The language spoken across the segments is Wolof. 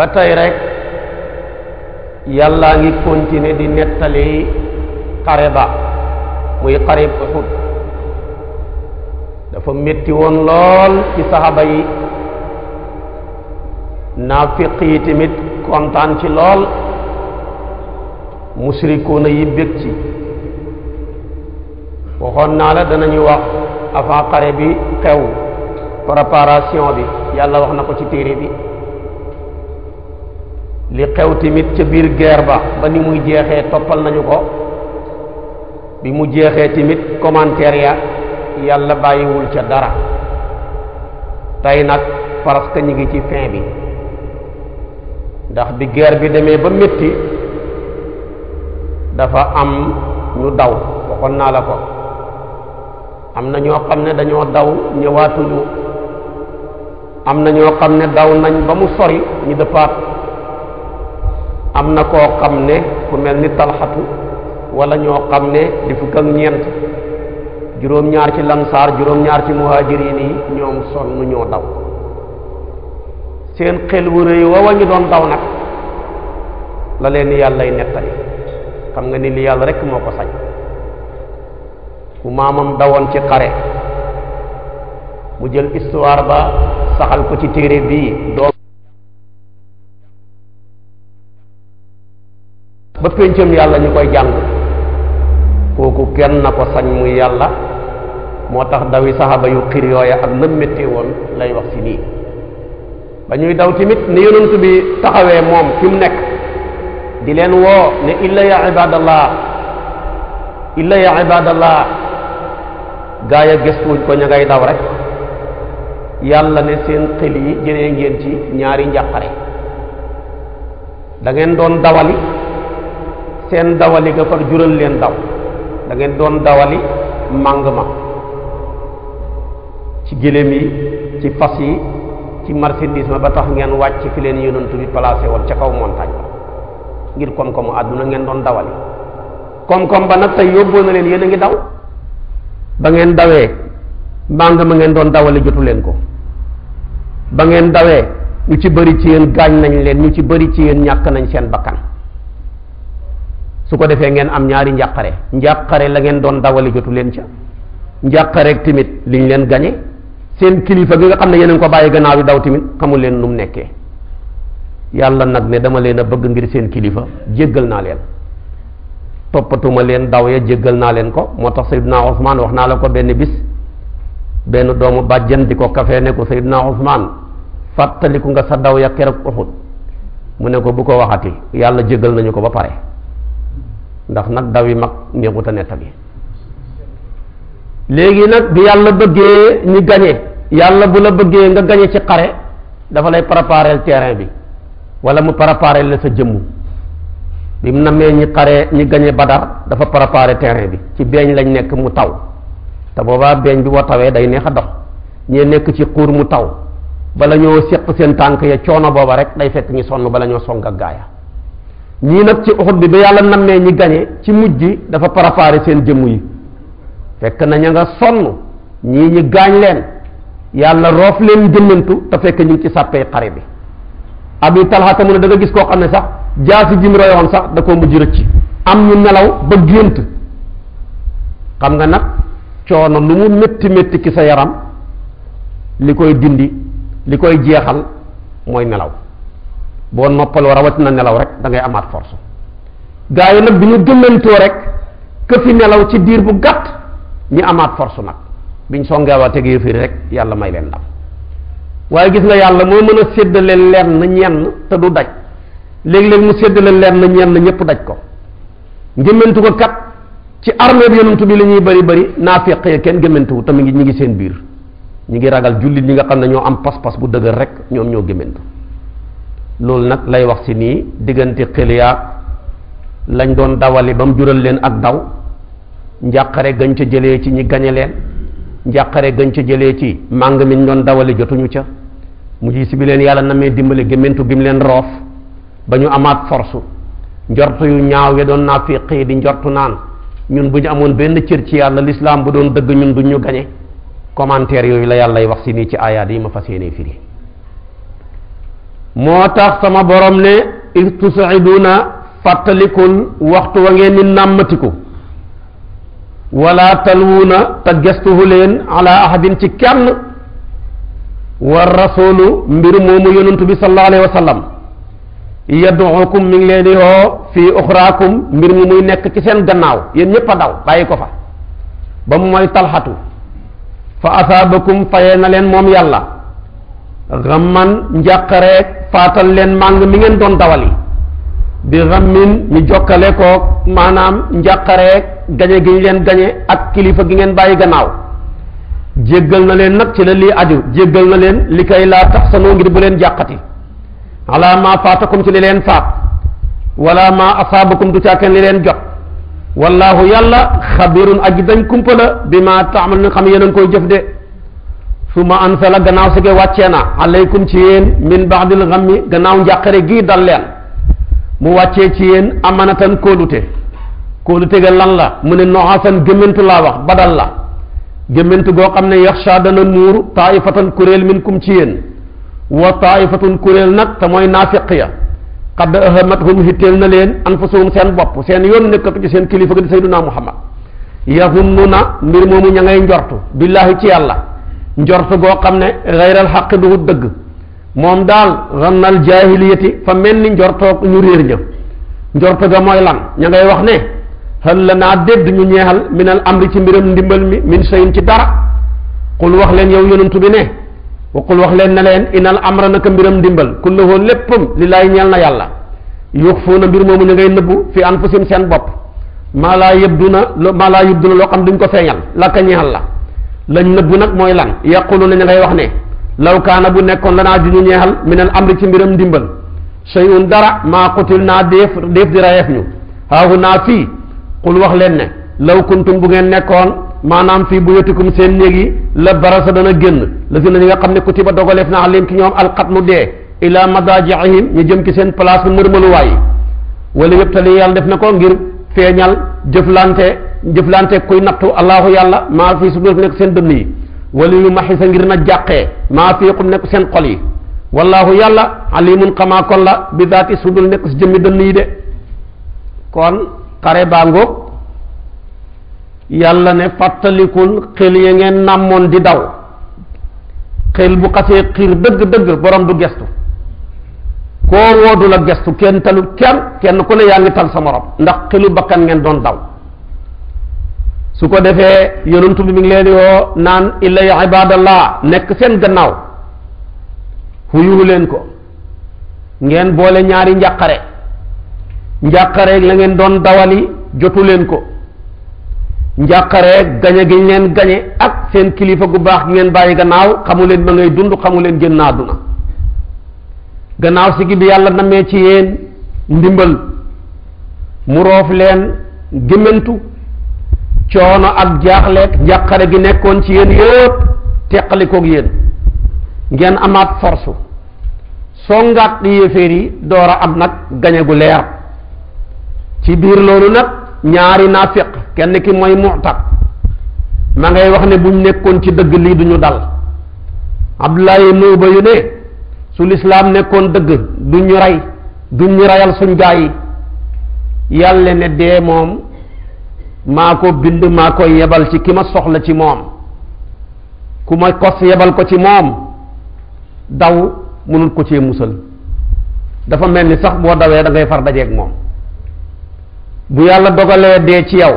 ba tey rek yàllaa ngi continuer di nettali xare ba muy xare bu Uhud dafa metti woon lool ci saxaaba yi naafiq yi tamit kontaan ci lool musrikuuna yi bég ci waxoon naa la danañu wax avant xare bi xew préparation bi yàlla wax na ko ci téere bi li xew tamit ca biir guerre ba ba ni muy jeexee toppal nañu ko bi mu jeexee tamit commentaire ya yàlla bàyyiwul ca dara tey nag parce que ngi ci fin bi ndax bi guerre bi demee ba métti dafa am ñu daw waxoon naa la ko am na ñoo xam ne dañoo daw ñëwaatuñu am na ñoo xam ne daw nañ ba mu sori ñu dëppaat am na koo xam ne ku mel ni talxatu wala ñoo xam ne di fukk ak ñeent juróom-ñaar ci lansaar juróom-ñaar ci muhajirin yi ñoom sonn ñoo daw seen xel wu rëy wawa ñu doon daw nag la leen yàllay nettali xam nga ni li yàlla rek moo ko sañ ku maamam dawoon ci xare mu jël histoire ba saxal ko ci téere bii doom ba pencam yalla ñukoy jang koku kenn nako sañ mu yalla motax dawi sahaba yu xir yooya ak nam metti won lay wax si ba ñuy daw timit ni yonent bi taxawé mom kim nek di len wo ne illa ya ibadallah illa ya ibadallah gaya ya ko ñagay daw rek yalla ne seen xeli jere ngeen ci ñaari da ngeen doon dawali sen dawali ga far jural len daw da ngeen doon dawali mangama ma ci gelemi ci fas yi ci marchandise ba tax ngeen wacc fi len yonentou bi placé won ci kaw montagne ngir kom kom aduna ngeen doon dawali kom kom ba nak tay yobbo na len yeena ngi daw ba ngeen dawé màng ma ngeen doon dawali jotu len ko ba ngeen dawé ñu ci bari ci yeen gañ nañ len ñu ci bari ci yeen ñak nañ seen bakkan su ko defee ngeen am ñaari njàqare njàqare la ngeen doon dawale jotu leen ca njàqare tamit liñ leen gañe seen kilifa gi nga xam ne yeneen ko bàyyi gannaaw yi daw tamit xamul leen nu mu nekkee yàlla nag ne dama leen a bëgg ngir seen kilifa jéggal naa leen toppatuma leen daw ya jéggal naa leen ko moo tax Seydina Ousmane wax naa la ko benn bis benn doomu bàjjen di ko kafee ne ko Seydina Ousmane fàttaliku nga sa daw ya kere Uhud mu ne ko bu ko waxati yàlla jéggal nañu ko ba pare ndax nag daw yi mag neexut a nettali léegi nag bi yàlla bëggee ñu gañe yàlla bu la bëggee nga gañe ci xare dafa lay préparer terrain bi wala mu préparer la sa jëmm bi mu namee ñi xare ñi gañe badar dafa préparer terrain bi ci beeñ lañ nekk mu taw te boobaa beeñ bi boo tawee day neex a dox ñee nekk ci xuur mu taw bala ñoo séq seen tànk ya coono booba rek day fekk ñu sonn bala ñoo song ak gaaya ñii nag ci Uhud bi ba yàlla nammee ñi gañe ci mujj gi dafa préparé seen jëmm yi fekk na ña nga sonn ñii ñi gaañ leen yàlla roof leen jëmmantu te fekk ñu ngi ci sàppee xare bi Abi Talha ta ne da gis koo xam ne sax jaasi jim royoon sax da koo mujj rëcc am ñu nelaw ba gént xam nga nag coono lu mu métti métti ki sa yaram li koy dindi li koy jeexal mooy nelaw boo noppaloo rawatina nelaw rek da ngay amaat force gaa yi nag bi ñu gëmmantoo rek que fi nelaw ci diir bu gàtt ñi amaat fors nag biñ songeewaa teg yëfiri rek yàlla may leen ndam waaye gis nga yàlla moo mën a séddale lenn ñenn te du daj léegi léeg mu séddale lenn ñenn ñëpp daj ko ngëmmantu ko kat ci armée bi yonent bi la ñuy bari bari naafiq yi kenn gëmmantuwu te mi ñu ngi seen biir ñu ngi ragal jullit ñi nga xam ne ñoo am pas-pas bu dëgër rek ñoom ñoo gëmmantu loolu nag lay wax si nii diggante xiliyaag lañ doon dawali ba mu jural leen ak daw njàqare gañ ca jëlee ci ñi gañe leen njàqare gañ ca jëlee ci màng mi ñu doon dawali jotuñu ca mujj si bi leen yàlla na namee dimbali gémmantu gim leen roof ba ñu amaat force njortu yu ñaaw ya doon naa fiqi di njortu naan ñun bu ñu amoon benn cër ci yàlla lislaam bu doon dëgg ñun du ñu gañe commentaire yooyu la yàlla lay wax si nii ci aayaat yi ma fas yéene firi moo tax sama borom ne is tusaiduna fàttalikul waxtu wa ngeen ni nàmmatiku wala talwuuna te gestuhu leen ala ahadin ci kenn war rasulu mbir moomu yonantu bi sallallahu alayhi wa sallam yadduukum mi ngi leen di woo fii mbir mi muy nekk ci seen gannaaw yéen ñépp a daw bàyyi ko fa ba mu mooy talxatu fa asaabakum fayee na leen moom yàlla man njàqareeg faatal leen màng mi ngeen doon dawali bi rammin ñu jokkale koog maanaam njàqareeg gañe gi ñu leen gañe ak kilifa gi ngeen bàyyi gannaaw jéggal na leen nag ci la lii aju jéggal na leen li kay laa tax sanoo ngir bu leen jàqati ala maa faatakum leen faat wala maa asaabakum du caaken li leen jot wallahu yàlla xabirun aji dañ kumpa bi maa taamal na xam yéen a ngi koy jëf de suma anfala gannaaw si ge wàccee na alaykum ci yéen min baadil xammi gannaaw njàqare gii dal leen mu wàccee ci yéen amanatan kóolute kóolute ga lan la mu ne noxasan gémmantu laa wax badal la gémmantu goo xam ne yaxsha dana muur taaifatan kuréel min kum ci yéen wa taaifatan kuréel nag te mooy naafiq ya xadd ahamathum hitteel na leen anfusahum seen bopp seen yoon nekkatu ci seen kilifa ga di sayduna muhammad yazunnuna mbir moomu ña ngay njortu billahi ci yàlla njort goo xam ne xayral xaq du dëgg moom daal xannal jaahiliyati fa mel ni njortoog ñu réer ña njort ga mooy lan ña ngay wax ne xel la naa dédd ñu ñeexal minal amri ci mbiram ndimbal mi min sayin ci dara qul wax leen yow yonent bi ne wa qul wax leen ne leen inal amra naka mbiram ndimbal kullahu léppam li laay ñeel na yàlla yuxfuuna mbir moomu ñu ngay nëbbu fi anfusim seen bopp maa laa yëbduna maa laa yëbduna loo xam duñ ko feeñal lakka lañ nëbbu nag mooy lan yaqulu na ñu ngay wax ne law kaana bu nekkoon lanaa di ñu ñeexal am amri ci mbiram ndimbal shay'un dara maa qutil naa déef déef di rayeef ñu xaahu naa fii qul wax leen ne law kuntum bu ngeen nekkoon maanaam fii bu yotikum seen léegi yi la barasa dana génn la si na ñi nga xam ne ba dogaleef na alim ki ñoom alxatmu dee ila madajiihim ñu jëm ci seen place bu nërmaluwaay wala yëpp tali yàlla def na ko ngir feeñal jëflante jëflanteeg kuy nattu allahu yàlla maa fii sudur nekk seen dënn yi wala yu maxisa ngir na jàqee maa fii xum nekk seen xol yi wallahu yàlla alimun xamaa kon la bi daati sudur nekk si jëmmi dënn yi de kon xare baa ngoog yàlla ne fàttalikul xel ya ngeen nàmmoon di daw xel bu xasee xiir dëgg-dëgg borom du gestu koo woodu la gestu kenn talut kenn kenn ku ne yaa ngi tal sa morom ndax xelu bakkan ngeen doon daw su ko defee yonantu bi mi ngi leen yoo naan illa ya nekk seen gannaaw xuyuhu leen ko ngeen boole ñaari njàqare njàqareeg la ngeen doon dawali jotu leen ko njàqareeg gañe giñ leen gañe ak seen kilifa gu baax ngeen bàyyi gannaaw xamu leen ba ngay dund xamu leen génn àdduna gannaaw si gi yàlla namee ci yéen ndimbal mu roof leen gémmantu coono ak jaaxleeg njàqare gi nekkoon ci yéen yëpp teqalikoog yéen ngeen amaat force soo ngaat di yéeféer yi door am nag gañe gu leer ci biir loolu nag ñaari naafiq kenn ki mooy mu'taq ma ngay wax ne buñ nekkoon ci dëgg lii duñu dal Abdullah ibn Ubay yu ne su lislaam nekkoon dëgg duñu rey duñu reyal suñ gaa yi yàlla ne dee moom maa ko bind maa ko yebal ci ki ma soxla ci moom ku ma kos yebal ko ci moom daw mënul ko cee musal dafa mel ni sax boo dawee dangay ngay far dajeeg moom bu yàlla dogalee dee ci yow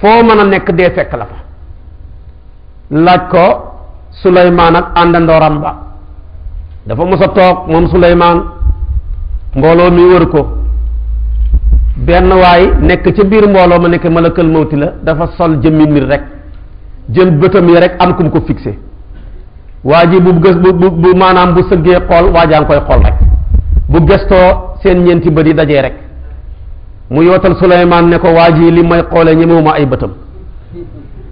foo mën a nekk dee fekk la fa laaj ko suleymaan ak àndandooram ba dafa mos a toog moom suleymaan mbooloo mi wër ko benn waay nekk ca biir mbooloo ma nekk malakal mawti la dafa sol jëmmi nit rek jël bëtam yi rek am ku ko fixé waa ji bu gës bu bu maanaam bu sëggee xool waajaa ngi koy xool rek bu gëstoo seen ñeenti bët yi dajee rek mu yootal Suleymaan ne ko waa ji li may xoolee ñemewuma ay bëtam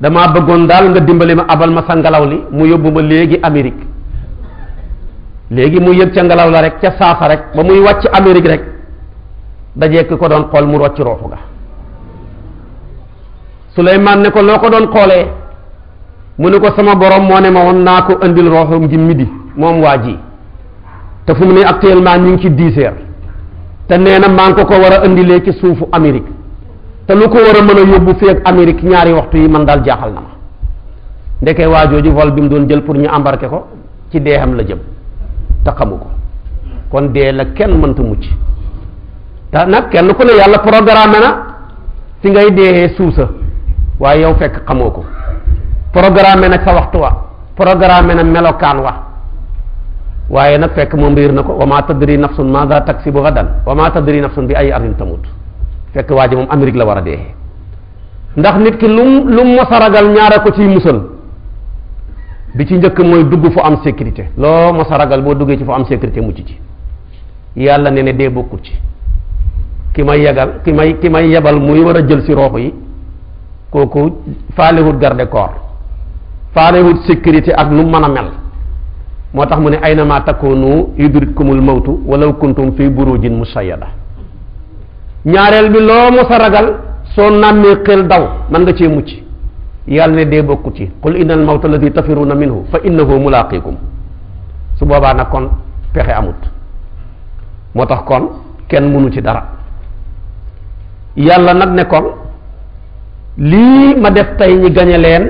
damaa bëggoon daal nga dimbali ma abal ma sa ngelaw li mu yóbbu ma léegi Amérique léegi mu yëg ca ngelaw la rek ca saasa rek ba muy wàcc Amérique rek. dajé ko doon xol mu rocc roofu ga suleyman ne ko loo ko doon xoolee mu ko sama borom moo ne ma woon naa ko andil roofam ji midi moom waa ji te fu mu ne actuellement ñu ngi ci dix heures te nee na maa ko ko war a andilee ci suufu amérique te lu ko war a mën a yóbbu feeg amérique ñaari waxtu yi man daal jaaxal na ma ndeke waa vol bi mu doon jël pour ñu embarqué ko ci deexam la jëm te xamu kon dee la kenn mënta mucc te nag kenn ku ne yàlla programme na si ngay deexee suusa waaye yow fekk xamoo ko programme na sa waxtu wa programme na melokaan wa waaye nag fekk moom riir na ko wa ma tadri nafsun maada taksibu gadan wa ma tadri nafsun bi ay ardin tamut fekk waa ji moom Amérique la war a deexee ndax nit ki lum lum mosa ragal ñaara ko ciy musal bi ci njëkk mooy dugg fu am sécurité loo mosa ragal boo duggee ci fu am sécurité mujj ci yàlla ne ne dee bokkut ci ki may yegal ki may ki may yebal muy war a jël si roox yi kooku faalewut garde corps faalewut sécurité ak lu mën a mel moo tax mu ne aynama takunu yudritkumul mawtu walaw kuntum fi burujin musayyada ñaareel bi loo mos a ragal soo nàmmee xel daw man nga cee mucc yàlla ne dee bokku ci qul innal mawta alladi tafiruna minhu fa innahu mulaqikum su boobaa nag kon pexe amut moo tax kon kenn mënu ci dara yàlla nag ne kon lii ma def tey ñi gañe leen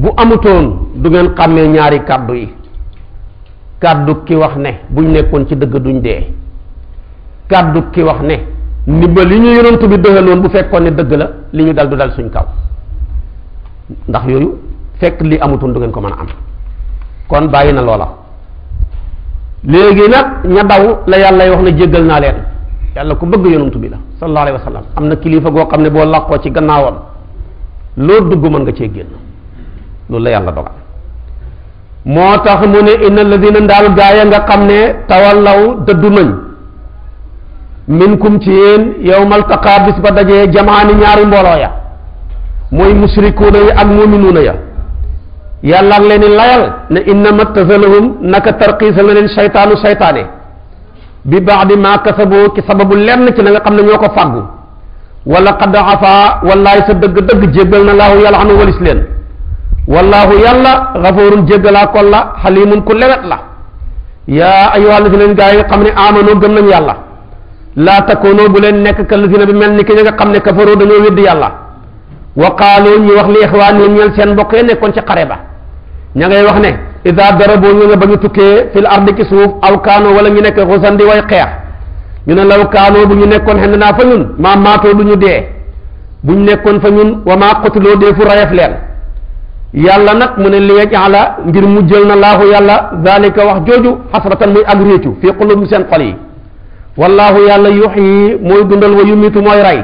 bu amutoon du ngeen xàmmee ñaari kàddu yi kàddu ki wax ne buñ nekkoon ci dëgg duñ dee kàddu ki wax ne ndimbal li ñu yonent bi dëhaloon bu fekkoon ne dëgg la li ñu dal du dal suñ kaw ndax yooyu fekk li amutoon du ngeen ko mën a am kon bàyyi na loola léegi nag ña daw la yàlla wax na jéggal naa leen yàlla ku bëgg yonantu bi la sallallahu wa sallam am na kilifa goo xam ne boo làqoo ci gannaawam loo dugg mën nga cee génn loolu la yàlla dogal moo tax mu ne inna alladina ndaal gaaya nga xam ne tawallaw dëddu nañ minkum ci yéen yowmal taqaa bis ba dajee jamaani ñaari mbooloo ya mooy musrikuuna yi ak muminuuna ya yàlla leen layal ne innama tasalahum naka tarqiisal na leen saytaanu saytaane bi baadi ma kasabu ki sababu lenn ci nga xamne ñoko fagu wala qad afa wallahi sa deug deug jegal na laahu yàlla xanu walis len wallahu yàlla ghafurun jéggalaa kon la halimun ku lewet la ya ayuha alladina gaa gaay xam ne amanoo gëm nañ yàlla la takunu bu leen nekk kalladina bi mel ni ki nga xamne ne kafaroo dañoo wedd yàlla wa qalu ñi wax li ikhwanu ñel seen mbokk ya nekkoon ci xare ba ña wax ne isa darabo ñu ne ba ñu tukkee fil ardi ci suuf aw wala ñu nekk xusan di way xeex ñu ne law kaano bu ñu nekkoon xend naa fa ñun maa maatoo du ñu dee bu ñu nekkoon fa ñun wa maa xotiloo dee fu rayef leen yàlla nag mu ne liwej ala ngir mu jël na laahu yàlla zalika wax jooju xasratan muy ak réccu fii xulubum seen xol yi wallaahu yàlla yuxyi mooy wa yumitu mooy rey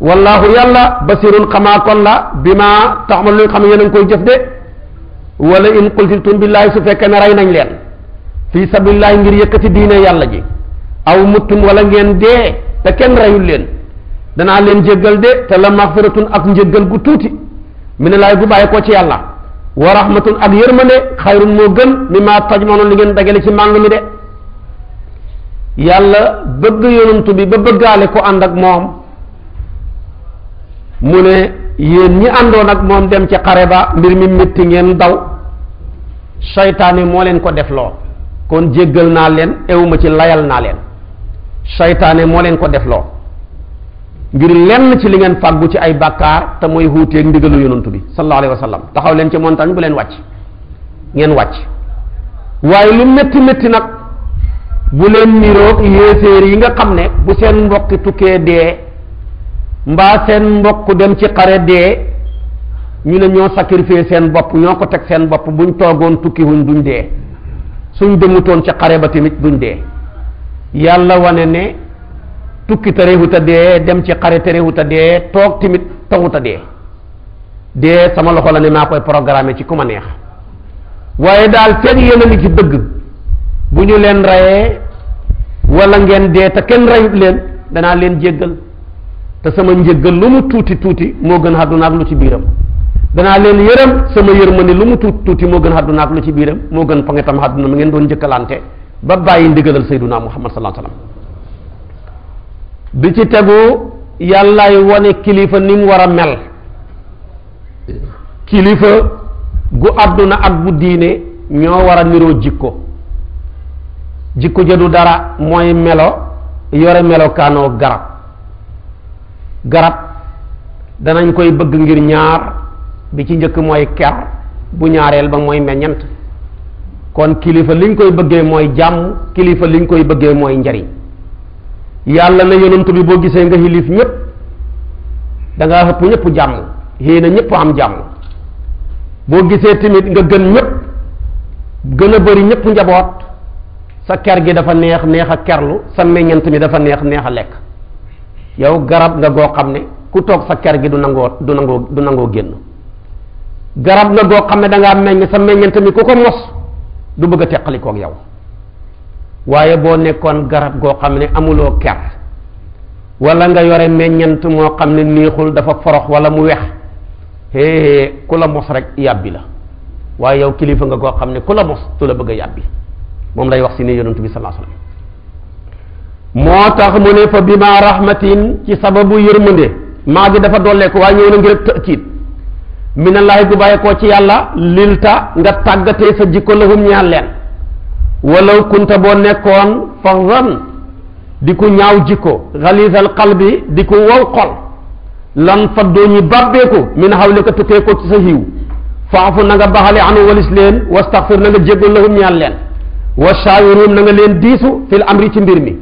wallaahu yàlla basirun xamaa kon la bi ma taxmal lu nga ma ne a ngi koy jëf wala in qutiltum billaahi su fekkee ne rey nañ leen fii sabilillahi ngir yëkkati diine yàlla ji aw muttum wala ngeen dee te kenn reyul leen danaa leen jéggal de te la maxfiratun ak njéggal gu tuuti mu ne minallahi gu bàyyi ko ci yàlla wa rahmatun ak yërmande xayrun moo gën ma mimmaa tajmaxoon li ngeen dagale ci màng mi de yàlla bëgg yonantu bi ba bëggaale ko ànd ak moom mu ne yéen ñi àndoon ak moom dem ci xare ba mbir mi métti ngeen daw seytaane moo leen ko def loo kon jéggal naa leen ewuma ci layal naa leen seytaane moo leen ko def loo ngir lenn ci li ngeen fàggu ci ay bakkaar te mooy xuuteeg ndigalu yonantu bi sallallahu alayhi wa sallam taxaw leen ci montagne bu leen wàcc ngeen wàcc waaye lu métti métti nag bu leen niroog yéeféer yi nga xam ne bu seen mbokki tukkee dee mbaa seen mbokk dem ci xare dee ñu ne ñoo sacrifier seen bopp ñoo ko teg seen bopp buñ toogoon tukkiwuñ duñ dee suñ demutoon ci xare ba tamit duñ dee yàlla wane ne tukki terewut a dee dem ci xare terewut a dee toog tamit taxut a dee dee sama loxo la ne maa koy programmer ci ku ma neex waaye daal seen yéen ci dëgg bu ñu leen reyee wala ngeen dee te kenn reyut leen danaa leen jéggal te sama njëggal lu mu tuuti tuuti moo gën àdduna ak lu ci biiram danaa leen yërëm sama yërmande lu mu tuuti tuuti moo gën àdduna ak lu ci biiram moo gën fa nga tam àdduna mu ngeen doon njëkkalante ba bàyyi ndigalal sayyiduna muhammad sallallahu alayhi wasallam bi ci tegu yàllaay wane kilifa ni mu war a mel kilifa gu àdduna ak bu diine ñoo war a niroo jikko jikko ja du dara mooy melo yore melokaanoo garab garab danañ koy bëgg ngir ñaar bi ci njëkk mooy ker bu ñaareel ba mooy meññant kon kilifa liñ koy bëggee mooy jàmm kilifa liñ koy bëggee mooy njariñ yàlla na yonent bi boo gisee nga xilif ñëpp da nga xëpp ñëpp jàmm xéena ñëpp am jàmm boo gisee timit nga gën ñëpp gën a bëri ñépp njaboot sa ker gi dafa neex neex a kerlu sa meññant mi dafa neex neex a yow garab nga go xamne ku tok sa ker gi du nango du nango du nango genn garab nga go xamne da nga meñ sa meññante mi ku ko mos du bëgg ko ak yow waye bo nekkon garab go xamne amulo amuloo ker wala nga yore meññant mo xamne neexul dafa forox wala mu wex he he kula mos rek yabbi la waye yow kilifa nga go xamne kula mos tu la bëgg yabbi mom lay wax ci ne yonantu bi sallallahu moo tax mu ne fa bi ma rahmatin ci sababu yërmande maa gi dafa dolleeku waaye ñëw na ngir ak tëkiit minallahi gu bàyyi koo ci yàlla lilta nga tàggatee sa jikko lahum ñaan leen walaw kunta boo nekkoon farzan di ku ñaaw jikko xalisal qalbi di ku wow xol lan faddoo ñi bàbbeeku min xawlika tukkee ko ci sa xiiw faafu na nga baxale anu walis leen wastaxfir na nga jéggal lahum ñaan leen wa shaawirum na nga leen diisu fil amri ci mbir mi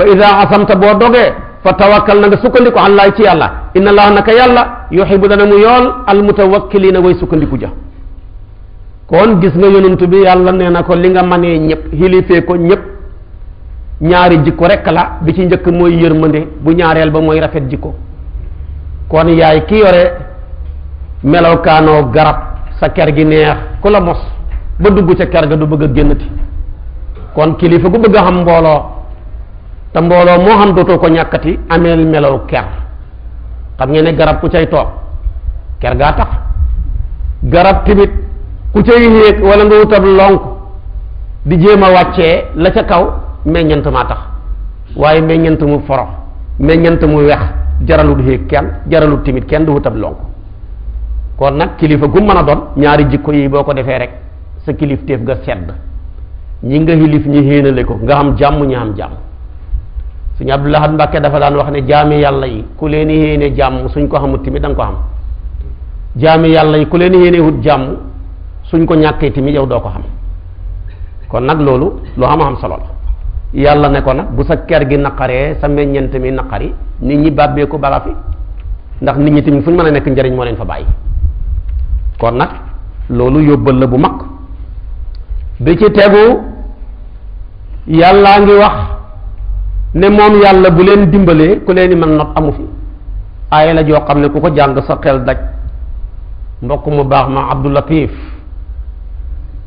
fa ida asamta boo dogee fa tawakkal na nga sukkandiku allaay ci yàlla inna allah naka yàlla yuxibu dana mu yool almutawakkilina way sukkandiku ja kon gis nga yonent bi yàlla nee na ko li nga manee ñëpp xilifee ko ñëpp ñaari jikko rek la bi ci njëkk mooy yërmande bu ñaareel ba mooy rafet jikko kon yaay ki yore kaanoo garab sa ker gi neex ku la mos ba dugg ca ker ga du bëgg a génnati kon kilifa gu bëgg a xam mbooloo te mbooloo moo xam dootoo ko ñàkkati ameel melaw ker xam ngeen ne garab ku cay toog ker gaa tax garab timit ku cay yéeg wala nga wutab lonk di jéem a wàccee la ca kaw meññant tax waaye meññant foro meññant mu wex jaralut yéeg kenn jaralut timit kenn du wutab lonk kon nag kilifa gum mën a doon ñaari jikko yi boo ko defee rek sa kilif téef ga sedd ñi nga xilif ñi ko nga am jàmm ñi am jàmm suñu Abdul Ahad Mbàkke dafa daan wax ne jaami yàlla yi ku leen yéene jàmm suñ ko xamut tamit da nga ko xam jaami yàlla yi ku leen yéene wut jàmm suñ ko ñàkkee tamit yow doo ko xam kon nag loolu lu am am solo la yàlla ne ko nag bu sa ker gi naqaree sa meññeent mi naqari nit ñi bàbbee ko bala fi ndax nit ñi tamit fu ñu mën a nekk njariñ moo leen fa bàyyi kon nag loolu yóbbal la bu mag bi ci tegu yàllaa ngi wax ne moom yàlla bu leen dimbalee ku leen di mën not amu fi aaya la joo xam ne ku ko jàng sa xel daj mbokk mu baax ma Abdou Latif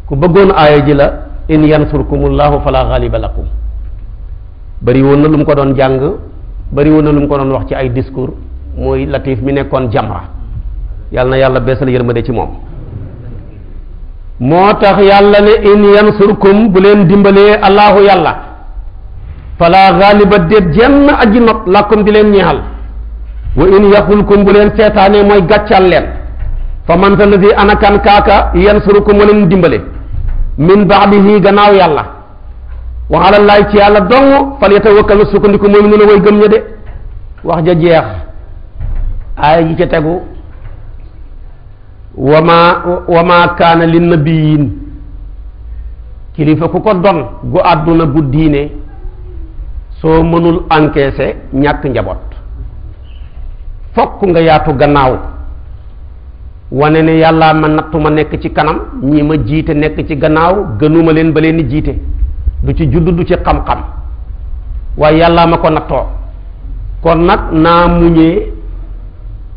ku bëggoon aaya ji la in yansurkumullahu fala ghaliba lakum bëri woon na lu mu ko doon jàng bariwoon na lu mu ko doon wax ci ay discours mooy Latif mi nekkoon jamra yàlla na yàlla beesal yërmande ci moom moo tax yàlla ne in yansurkum bu leen dimbalee allahu yàlla fala gaaliba déet jenn aji not lakum di leen ñeexal wa in yaxulkum bu leen seetaanee mooy gàccal leen fa man alladi anakan kaaka yansurukum wa leen dimbale min baadihi gannaaw yàlla wa alallaay ci yàlla dong fal yatawakkal na sukkandiku mooy nu ne way gëm ña de wax ja jeex aaya ji ca tegu wa maa wa maa kaana lin nabiyin kilifa ku ko don gu àdduna gu diine soo mënul encaisser ñàkk njaboot fokk nga yaatu gannaaw wane ne yàlla ma nattu nekk ci kanam ñi ma jiite nekk ci gannaaw gënuma leen ba leen di jiite du ci judd du ci xam-xam waaye yàlla ma ko nattoo kon nag naa muñee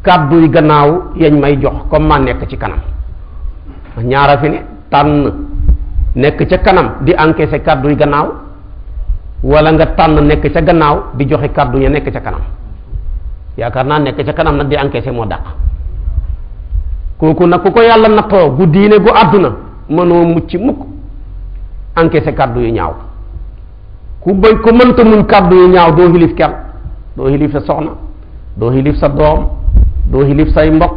kàdduy gannaaw yañ may jox comme maa nekk ci kanam ñaara fi ne tànn nekk ca kanam di encaisser kàdduy gannaaw wala nga tànn nekk ca gannaaw di joxe kàddu ya nekk ca kanam yaakaar naa nekk ca kanam nag di encaissé moo dàq kooku nag ku ko yàlla nattoo gu diine gu àdduna mënoo mucc mukk encaissé kàddu yu ñaaw ku bëy ku mënta muñ kàddu yu ñaaw doo xilif kenn doo xilif sa soxna doo xilif sa doom doo xilif say mbokk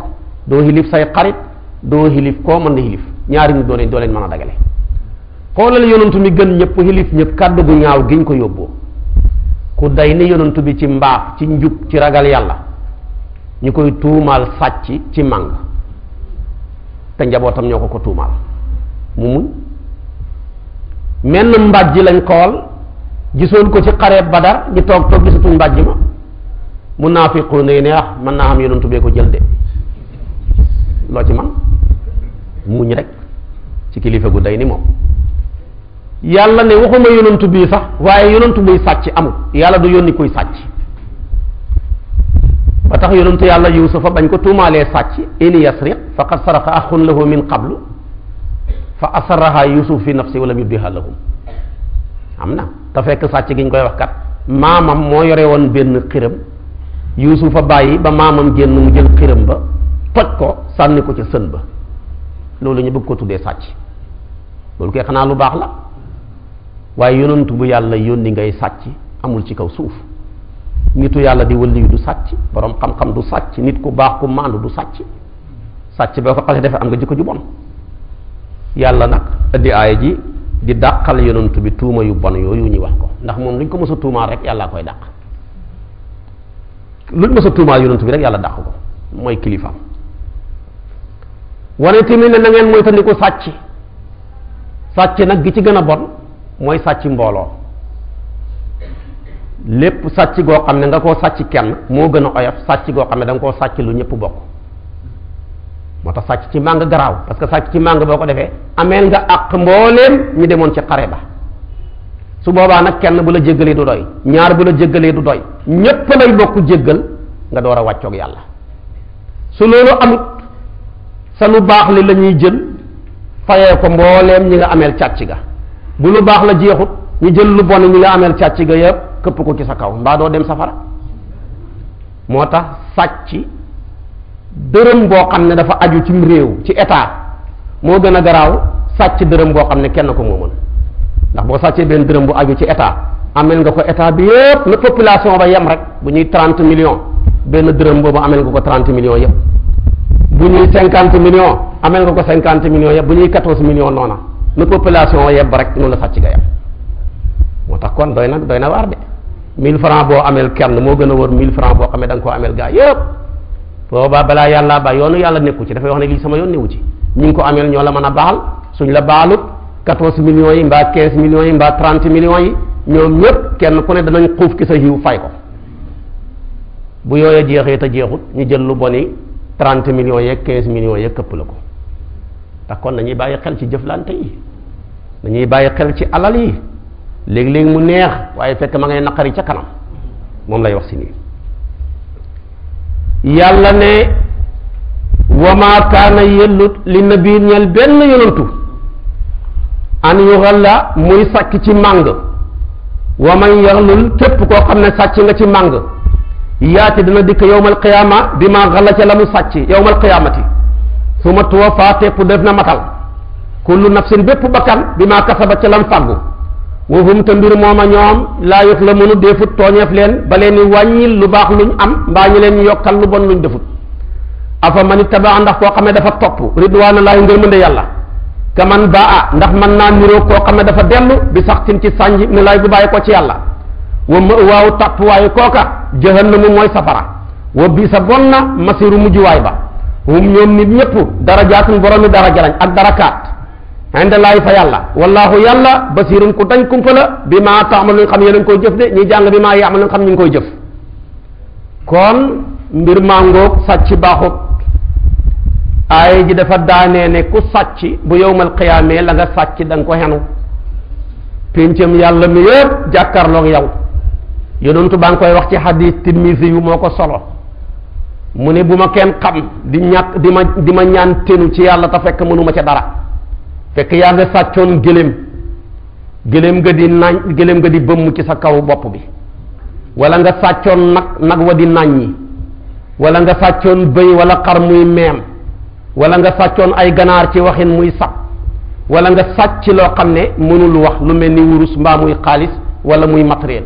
doo xilif say xarit doo xilif koo mën na xilif ñaari ñu doo leen doo leen mën a dagale xoolal yonantu mi gën ñëpp xilif ñëpp kàddu gu ñaaw giñ ko yóbbu ku day ni yonantu bi ci mbaax ci njub ci ragal yàlla ñu koy tuumaal sàcc ci màng te njabootam ñoo ko ko tuumaal mu muñ menn mbàjj lañ kool gisoon ko ci xareeb badar ñu toog toog gisatuñ mbàjj ma munafiquuna yi ne ah mën naa am yonantu bee ko jël de loo ci man muñ rek ci kilifa gu day ni moom yàlla ne waxuma yonantu bii sax waaye yonantu buy sàcc amul yàlla du yónni kuy sàcc ba tax yonantu yàlla yuusufa bañ ko tuumaalee sàcc in yasriq faqad saraqa axun lahu min qablu fa asarraha yusuf fi nafsi walam yubdiha lahum am na te fekk sàcc gi ñu koy wax kat maamam moo yore woon benn xiram fa bàyyi ba maamam génn mu jël xiram ba toj ko sànni ko ca sën ba loolu ñu bëgg ko tuddee sàcc loolu kay xanaa lu baax la waye yonentou bu yalla yoni ngay sàcc amul ci kaw suuf nitu yalla di wëlli du sàcc borom xam-xam du sàcc nit ku baax ku maandu du sàcc sàcc ba ko xale def am nga jikko ju bon yalla nak indi ay ji di dakal yonentou bi tuuma yu bon yoyu ñi wax ko ndax mom luñ ko mësa a rek yalla koy dak luñ mësa a yonentou bi rek yalla dak ko moy kilifa wane tamit na ngeen moytandiku sàcc sàcc nak gi ci gëna bon mooy sàcc mbooloo lépp sàcc goo xam ne nga koo sàcc kenn moo gën a oyof sàcc goo xam ne da koo sàcc lu ñëpp bokk moo tax sàcc ci màng garaaw parce que sàcc ci màng boo ko defee ameel nga àq mbooleem ñu demoon ci xare ba su boobaa nag kenn bu la jéggalee du doy ñaar bu la jëggalee du doy ñépp lay bokk jëggal nga door a wàccook yàlla su loolu amut sa lu baax li la jël fayee ko mbooleem ñi nga ameel càcc ga bu lu baax la jeexut ñu jël lu bon ñi nga ameel càcc ga yëpp këpp ko ci sa kaw mbaa doo dem safara moo tax sàcc dërëm boo xam ne dafa aju ci réew ci état moo gën a garaaw sàcc dërëm boo xam ne kenn ko moomoon ndax boo sàccee benn dërëm bu aju ci état ameel nga ko état bi yëpp na population ba yem rek bu ñuy trente million benn dërëm boobu ameel nga ko trente million yëpp bu ñuy cinquante millions ameel nga ko cinquante millions yëpp bu ñuy quatorze millions noona lu population yeb rek noonu la sàcc ga moo tax kon doy na doy na waar de 1000 francs boo ameel kenn moo gën a wër 1000 francs boo xam ne da nga koo ameel gaa yëpp boobaa balaa yàlla ba yoonu yàlla nekku ci dafay wax ne lii sama yoon newu ci ñi ngi ko ameel ñoo la mën a baal suñ la baalut 14 millions yi mbaa 15 millions yi mbaa trent millions yi ñoom ñëpp kenn ku ne danañ xuuf ki sa yiw fay ko bu yooya jeexee te jeexut ñu jël lu boni 30 millions yeeg 15 millions yeeg këpp la ko. ndax kon nañuy bàyyi xel ci jëflante yi nañuy bàyyi xel ci alal yi léegi-léegi mu neex waaye fekk ma ngay naqari ca kanam moom lay wax si nii yàlla ne wama kaana yellut li nabi ñeel benn yonantu an yuxalla muy sàkk ci màng wa man yaxlul képp koo xam ne sàcc nga ci màng yaati dana dikk yowmal qiyaama bi ma xalla ca la mu sàcc yowmal qiyaamati suma faate tepp def na matal kullu nafsin bepp bakkan bima kasaba ci lam fagu wo hum te mbir moma ñoom la la munu defut toñef len balen ni wañi lu bax luñ am ba ñu len yokkal lu bon luñ defut afa man taba ndax ko xam dafa top ridwaana laay ngërmënde yalla ka man baa ndax man na niro ko xam dafa dem bi saxtin ci sanji ni lay bu baye ko ci yalla wa waaw jahannamu moy safara wa bi sa bonna masiru mujju way ba hum ñoom nit ñëpp darajaatun boromi dara lañ ak darakaat indallaahi fa yàlla wallaahu yàlla basirun ku dañ kumpa la bi maa taamal lu nga xam yéen a ngi koy jëf de ñi jàng bi maa yaamal nga xam ñu ngi koy jëf kon mbir màngoog sàcc baaxut aaya dafa daanee ne ku sàcc bu yowmal qiyaamee la nga sàcc da ko xenu péncam yàlla mi yëpp jàkkaarloog yow yonentu baa ngi koy wax ci xadiis tirmisi yu moo ko solo mu ne bu ma kenn xam di ñàkk di ma di ma ñaan tenu ci yàlla te fekk mënuma ca dara fekk yaa nga sàccoon gëléem gëléem nga di naañ gëléem nga di bëmm ci sa kaw bopp bi walla nga sàccoon nag nag wa di nàññi wala nga sàccoon bëy wala xar muy meem wala nga sàccoon ay ganaar ci waxin muy sab wala nga sàcc loo xam ne mënul wax lu mel ni wurus mbaa muy xaalis wala muy matériel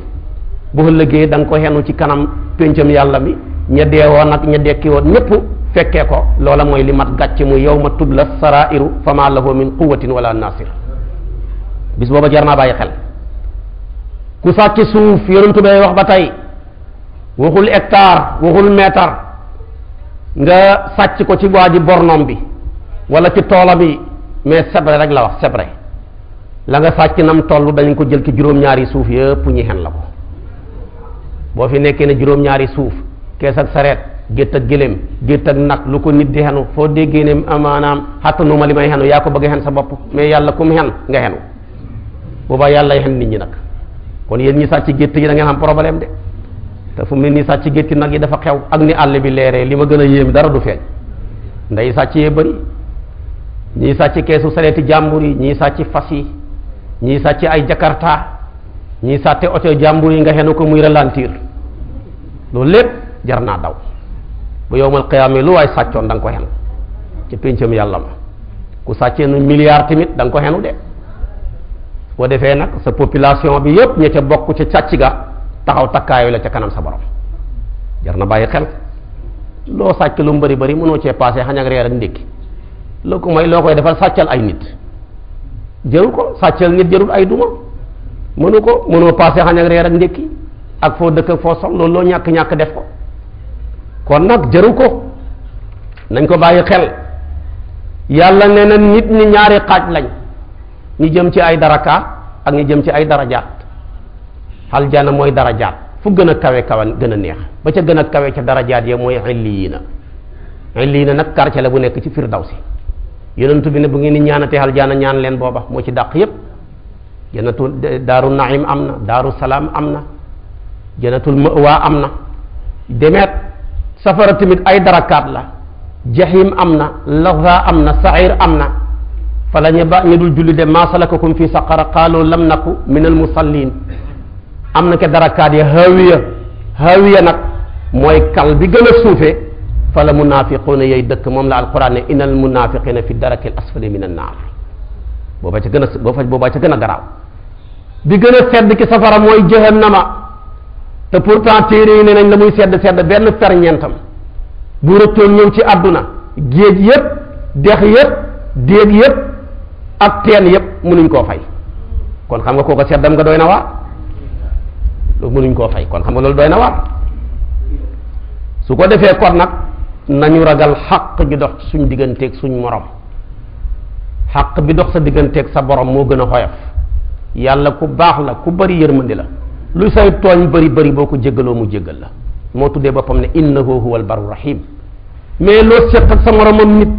boo ëllëgee da nga ko xenu ci kanam péncam yàlla mi ña dee woon ak ña dekki woon ñépp fekkee ko loola mooy li mat gàcc mu yawma la sarairu fama lahu min quwatin wala nasir bis booba jar naa bàyyi xel ku sàcc suuf yonentu bay wax ba tey waxul hectare waxul meetar nga sàcc ko ci waa ji bornom bi wala ci toola bi mais sebre rek la wax sebre la nga sàcc nam toll dañ ko jël ci juróom-ñaari suuf yëpp ñu xen la ko boo fi nekkee ne juróom-ñaari suuf kees ak sareet gétt ak gëléem gétt ak nag lu ko nit di xenu foo déggee ne amaanaam xattanu ma li may xenu yaa ko bëgg a xen sa bopp mais yàlla kum xen nga xenu boobaa yàlla xen nit ñi nag kon yéen ñi sàcc gétt yi da ngeen am problème de te fu mu ne nii sàcc gétt nag yi dafa xew ak ni àll bi leeree li ma gën a yéem dara du feeñ ndey sàcc yee bëri ñii sàcc keesu sareeti jàmbur yi ñii sàcc fas yi ñii sàcc ay jakarta ñii sàtte oto jàmbur yi nga xenu ko muy ralentir loolu lépp jarna daw bu yowmal qiyaami lu way sàccoon dang ko hen ci péncam yalla ma ku saccé nu milliard timit dang ko henu de bo defé nak sa population bi yépp ñi ca bokku ci ciacci ga taxaw takkaayu la ca kanam sa borom jarna baye xel lo lu bari mëno ci passé ak ak ko may lo koy defal saccal ay nit jëru ko saccal nit jërul ay duma mënu ko mënoo passé ak reer ak ak fo dekk fo sol def ko kon nag jëru ko nañ ko bàyyi xel yàlla ne na nit ñi ñaari xaaj lañ ñi jëm ci ay darakaa ak ñi jëm ci ay darajaat aljana mooy darajaat fu gën a kawe kawan gën a neex ba ca gën a kawe ca darajaat ya mooy na illiyiina na nag quartier la bu nekk ci firdawsi yonentu bi ne bu ngeen di ñaanatee aljana ñaan leen booba moo ci dàq yépp janatul daaru naim am na daaru salaam am na janatul waa am na demeet safara tamit ay darakaat la jahim am na laza am na sair am na fa la ñu ba ñu dul julli de maa salakakum fi saqara qaalu lam naku min al musallin am na ke darakaat ya hawiya hawiya nag mooy kal bi gën a suufee fa la munafiquuna yay dëkk moom la alquran ne inal munafiqina fi daraki al asfali min an naar boobaa ca gën a boobaa ca gën a garaaw bi gën a sedd ki safara mooy jahannama te pourtant téere yi ne nañ la muy sedd sedd benn ferñeentam bu rëccoon ñëw ci àdduna géej yépp dex yépp déeg yépp ak teen yépp mënuñ koo fay kon xam nga kooko seddam nga doy na waar loolu mënuñ koo fay kon xam nga loolu doy na waar su ko defee kon nag nañu ragal xaq gi dox suñ digganteeg suñ morom xaq bi dox sa digganteeg sa borom moo gën a xoyof yàlla ku baax la ku bari yërmandi la lu say togn bari bari boko ko mu jéggal la mo tuddee bopam ne innahu huwal barur rahim mais lo séq ak sama romam nit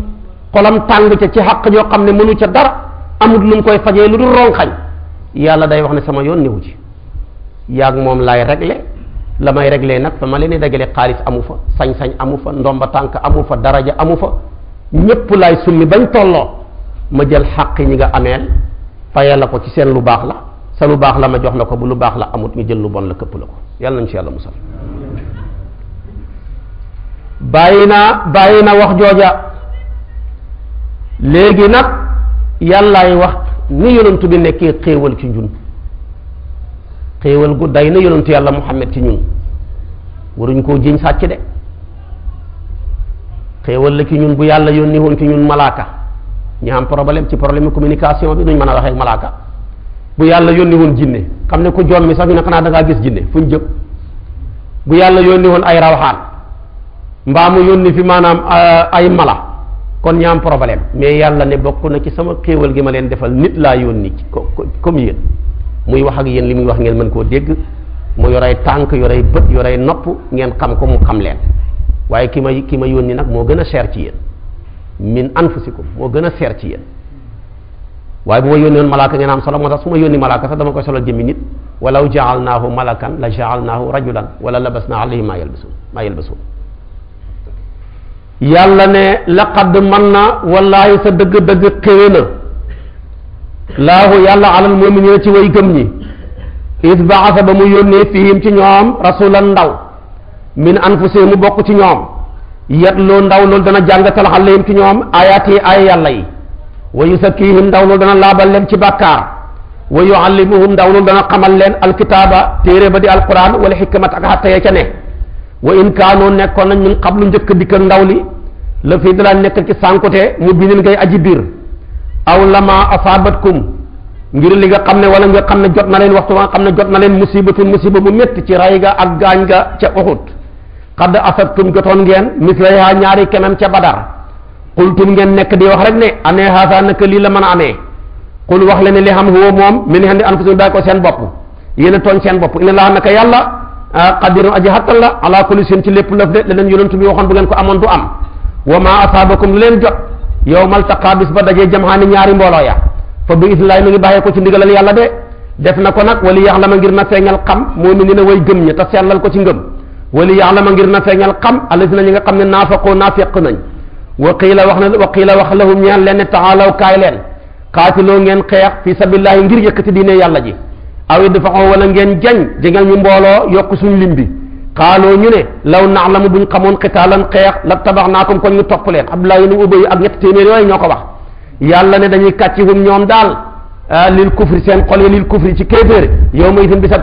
xolam tang ci ci haq yoo xam munu ci dara amut lu ngoy koy lu dul ronxañ yalla day wax ne sama yoon newu ci yaag mom lay régler lamay may nak fa ba dagale amu fa sañ-sañ amu fa ndomba tank amu fa daraja amu fa ñepp lay summi bañ tolloo ma jël haq ñi nga amel fayal ko ci sen lu bax la sa lu baax la ma jox la ko bu lu baax la amut ñu jël lu bon la këpp la ko yàlla nañ ci yàlla musal bàyyi naa bàyyi na wax jooja léegi nag yàllaay wax ni yonent bi nekkee xéewal ci ñun xéewal gu day na yonent yàlla Muhammad ci ñun waruñ koo jiñ sàcc de xéewal la ci ñun bu yàlla yónni woon ci ñun malaaka ñu am problème ci problème communication bi duñ mën a waxee ak malaaka bu yàlla yónni woon jinne xam ne ku joom mi sax ñu ne xanaa dangaa gis jinne fu ñu bu yàlla yónni woon ay rawaxaan mbaa mu yónni fi maanaam euh, ay mala kon ñaam problème mais yàlla ne bokk na ci sama xéewal gi ma leen defal nit laa yónni ci comme yéen muy wax ak yéen li muy wax ngeen mën koo dégg mu yorey tànk yorey bët yorey nopp ngeen xam ko mu xam leen waaye ki may ki ma yónni nag moo gën a seer ci yéen min ko moo gën a seer ci yéen waaye bu ma yónnee woon malaaka ngeen am solo moo tax su ma yónni malaaka sax dama koy solo jëmmi nit walaw jaalnaahu malakan la jaalnaahu rajulan wala labasna alayhi ma yalbasu ma yalbasu yàlla ne laqad man na wallaahi sa dëgg-dëgg xéwé na laahu yàlla alal muminina ci way gëm ñi is baasa ba mu yónnee fihim ci ñoom rasulan ndaw min anfusihim mu bokk ci ñoom yet loo ndaw loolu dana jàngatal xalleem ci ñoom ayaat ay yàlla yi wa yusakkihim ndaw loolu dana laabal leen ci bàkkaar wa yuallimuhum ndaw loolu dana xamal leen alkitaaba téere ba di alquran wala xikmat ak xatta ya ca ne wa in kaanoo nekkoon nañ min qablu njëkk dikk ndaw li la fii dalaa nekk ci sànkute mu binin ngay aji biir aw lama asaabatkum ngir li nga xam ne wala nga xam ne jot na leen waxtu nga xam ne jot na leen musibatun musiba bu métti ci ray ga ak gaañ ga ca uxut xadd asabtum jotoon ngeen mislaha ñaari kemam ca badar qultum ngeen nekk di wax rek ne année haasa naka lii la mën a amee qul wax la ne li xam huwa moom min indi anfusikum bàyyi ko seen bopp a tooñ seen bopp ina laa naka yàlla ah, qadirun aji xattan la ala kulli shay'in lépp lëf de leneen yonent bi waxoon bu ngeen ko amoon du am wa ma asaabakum lu leen jot yawmal taqaa bis ba dajee jamhaani ñaari mbooloo ya fa bi idnillahi mi ngi bàyyee ko ci ndigalal yàlla de def na ko nag wali yaxlama ngir na feeñal xam mu'minina way gëm ña te sellal ko ci ngëm wali yaxlama ngir na feeñal xam alladina ñi nga xam ne naafaqoo naafeq nañ وقيل وخنا وقيل وخ لهم يان لن تعالوا كايلن قاتلوا نين خيا في سبيل الله غير يكتي دين يالله جي او يدفعوا ولا نين جان جيغال ني مبولو يوك سون ليمبي قالوا ني نه لو نعلم بن خمون قتالا خيا لتبعناكم كون ني توبلن عبد الله بن ابي اك نيت تيمير يوي نيوكو واخ يالله ني داني كاتيهم نيوم دال آه، للكفر سين قليل للكفر سي كفر يوم يتم بسب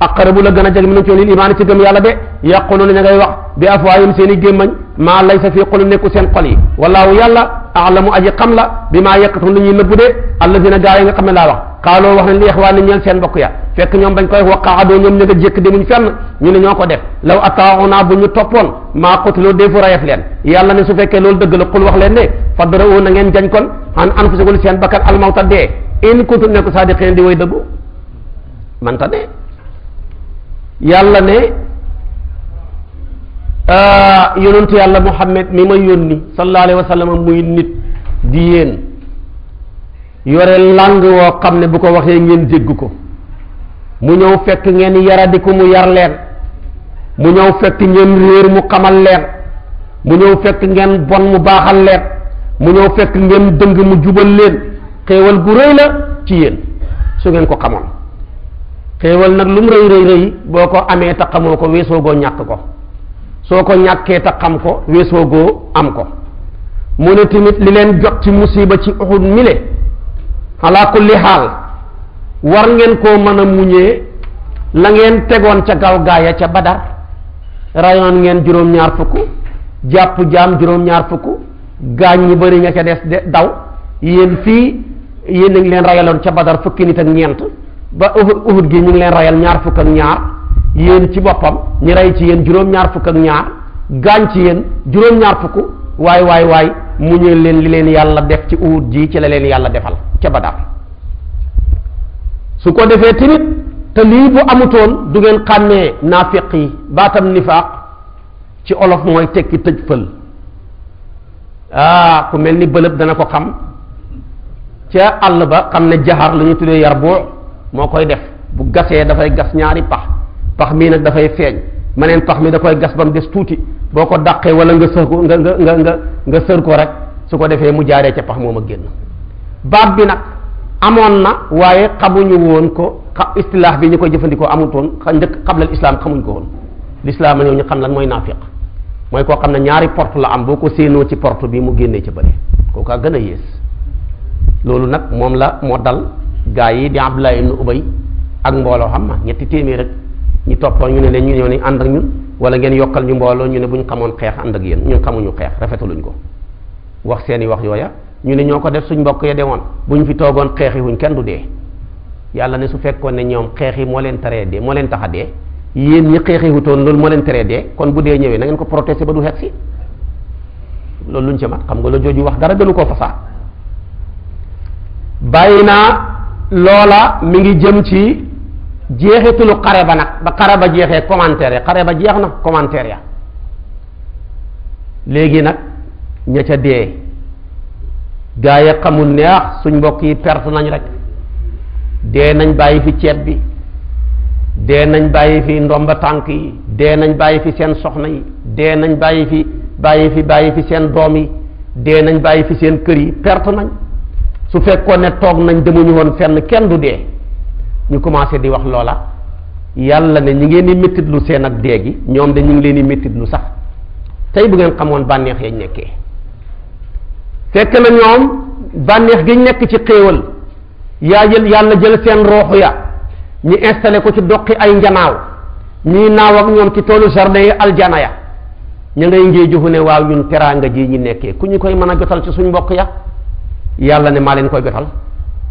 aqrabu la gën a jege min imaan ci gëm yàlla de yaquluuna ña wax bi afwaayum seen i gémmañ maa laysa fii qulub nekku seen xol yi wallaahu yàlla aalamu aji xam la bi maa yekkatun lu ñuy nëbbu de allazina gaa yi nga xam ne laa wax xaaloo wax ne li ixwaani ñeel seen mbokk ya fekk ñoom bañ koy wax qaadoo ñoom ña nga jékk demuñ fenn ñu ne ñoo ko def law ataauna bu ñu toppoon maa qutiloo defu rayef leen yàlla ne su fekkee loolu dëgg la xul wax leen na ngeen jañ kon an anfusakum seen bakkan almawta dee in kuntum nekku saadiqin di way dëggu manta yàlla ne ah, yonentu yàlla Muhammad mi ma yónni sallallahu alayhi wa sallam muy nit di yéen yore làng woo xam ne bu ko waxee ngeen dégg ko mu ñëw fekk ngeen yaradiku mu yar leen mu ñëw fekk ngeen réer mu xamal leen mu ñëw fekk ngeen bon mu baaxal leen mu ñëw fekk ngeen dëng mu jubal leen xéewal gu rëy la ci yéen su ngeen ko xamoon xewal nak lum reuy reuy boko boo ko amee ta xamoo ko weesoogoo ñàkk ko soo ko ñàkkee ta ko am ko mune timit li len jot ci musiba ci uhud mile ala kulli hal war ngeen ko mëna muñé la ngeen tégon ca gaw gaaya ya ca badar rayon ngeen juroom ñaar fukk japp jam juroom ñaar fukk gañ ñi bari nga ca dess daw yeen fi yeen ngi len ca badar fukki nit ak ñent ba uhud uhud gi ñu ngi leen reyal ñaar fukk ak ñaar yéen ci boppam ñu rey ci yéen juróom-ñaar fukk ak ñaar gaañ ci yéen juróom-ñaar fukk waay waay waay mu ñëw leen li leen yàlla def ci uhud ji ci la leen yàlla defal ca Badar su ko defee tamit te lii bu amutoon du ngeen xàmmee naafiq yi baatam nifaaq ci olof mooy tekki tëj fël ah ku mel ni bëlëb dana ko xam ca àll ba xam ne jaxar lañu ñu tuddee yarbu moo koy def bu gasee dafay gas ñaari pax pax mii nag dafay feeñ meneen pax mi da koy gas ba mu des tuuti boo ko dàqee wala nga sër ko nga nga nga nga nga sër ko rek su ko defee mu jaaree ca pax moom a génn baat bi nag amoon na waaye xamuñu woon ko xa istilaax bi ñu koy jëfandikoo amutoon xa njëkk xablal islaam xamuñ ko woon lislaam ñoo ñu xam lan mooy naafiq mooy koo xam ne ñaari port la am boo ko séenoo ci porte bi mu génnee ca koo kookaa gën a yées nag moom la moo dal gaay yi di abdullah ibn ubay ak mbolo xam ma ñetti témé rek ñi topo ñu ne leen ñu ñëw ni and ak ñun wala ngeen yokal ñu mbolo ñu ne bu xamone xex and ak yeen ñun xamuñu xeex rafetaluñ ko wax seeni wax yoya ñu ne ñoko def suñ mbokk ya demone buñ fi togon xexi wuñ kenn du dee yalla ne su fekkone ne ñoom xeex yi leen taree dee mo leen tax a dee ñi xexi yi ton lool mo leen taree dee kon bu dee ñëwee na ngeen ko protéger ba du xexi si luñ ci mat xam nga la joju wax dara gënu ko loola mu ngi jëm ci jeexitalu xare ba nag ba xare ba jeexee commentaire ya xare ba jeex na commentaire ya léegi nag ña ca dee gaa yi xamul neex suñ mbokk yi perte nañ rek dee nañ bàyyi fi ceeb bi dee nañ bàyyi fi ndomba tànk yi dee nañ bàyyi fi seen soxna yi dee nañ bàyyi fi bàyyi fi bàyyi fi seen doom yi dee nañ bàyyi fi seen kër yi perte nañ su fekkoon ne toog nañ demuñu woon fenn kenn du dee ñu commencé di wax loola yàlla ne ñi ngeen di méttitlu seen ak dee gi ñoom de ñu ngi leen di méttitlu sax tey bu ngeen xamoon bànneex yañ nekkee fekk na ñoom bànneex gi nekk ci xéewal yaa jël yàlla jël seen rooxu ya ñu installé ko ci doqi ay njanaaw ñuy naaw ak ñoom ci toolu jardin yi aljana ya ñu ngay ngee joxu ne waaw ñun teraanga ji ñu nekkee ku ñu koy mën a jotal ci suñ mbokk ya yàlla ne maa leen koy jotal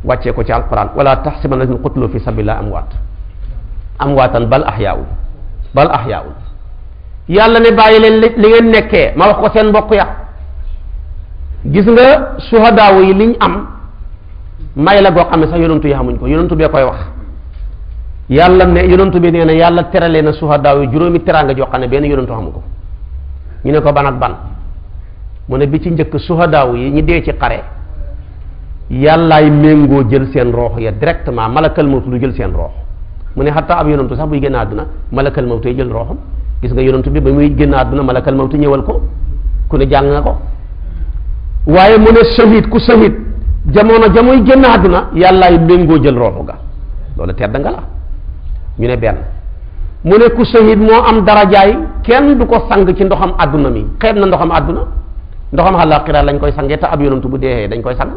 wàccee ko ci alquran wala taxsiban lazina qutilu fi sabilillah am amwaatan bal ahyaawul bal ahyaawul yàlla ne bàyyi leen li ngeen nekkee ma wax ko seen mbokk ya gis nga suhadaaw yi liñ am may la goo xam ne sax yonantu yi xamuñ ko yonantu bee koy wax yàlla ne yonantu bi nee na yàlla terale na suhadaaw yi juróomi teraanga jox xam ne benn yonantu xamu ko ñu ne ko ban ak ban mu ne bi ci njëkk suhadaaw yi ñu dee ci xare yàllaay méngoo jël seen roox ya directement malakal mawtu lu jël seen roox mu ne xataa ab yonantu sax buy génn àdduna malakal mawtu jël rooxam gis nga yonantu bi ba muy génn àdduna malakal mawtu ñëwal ko ku ne jàng na ko waaye mu ne shahid ku shahid jamono jamoy génn àdduna yàllaay méngoo jël rooxu ga loolu tedd nga la ñu ne benn mu ne ku shahid moo am darajaay kenn du ko sang ci ndoxam àdduna mi xeeb na ndoxam àdduna ndoxam àllaaxira lañ koy sangee te ab yonantu bu deexee dañ koy sang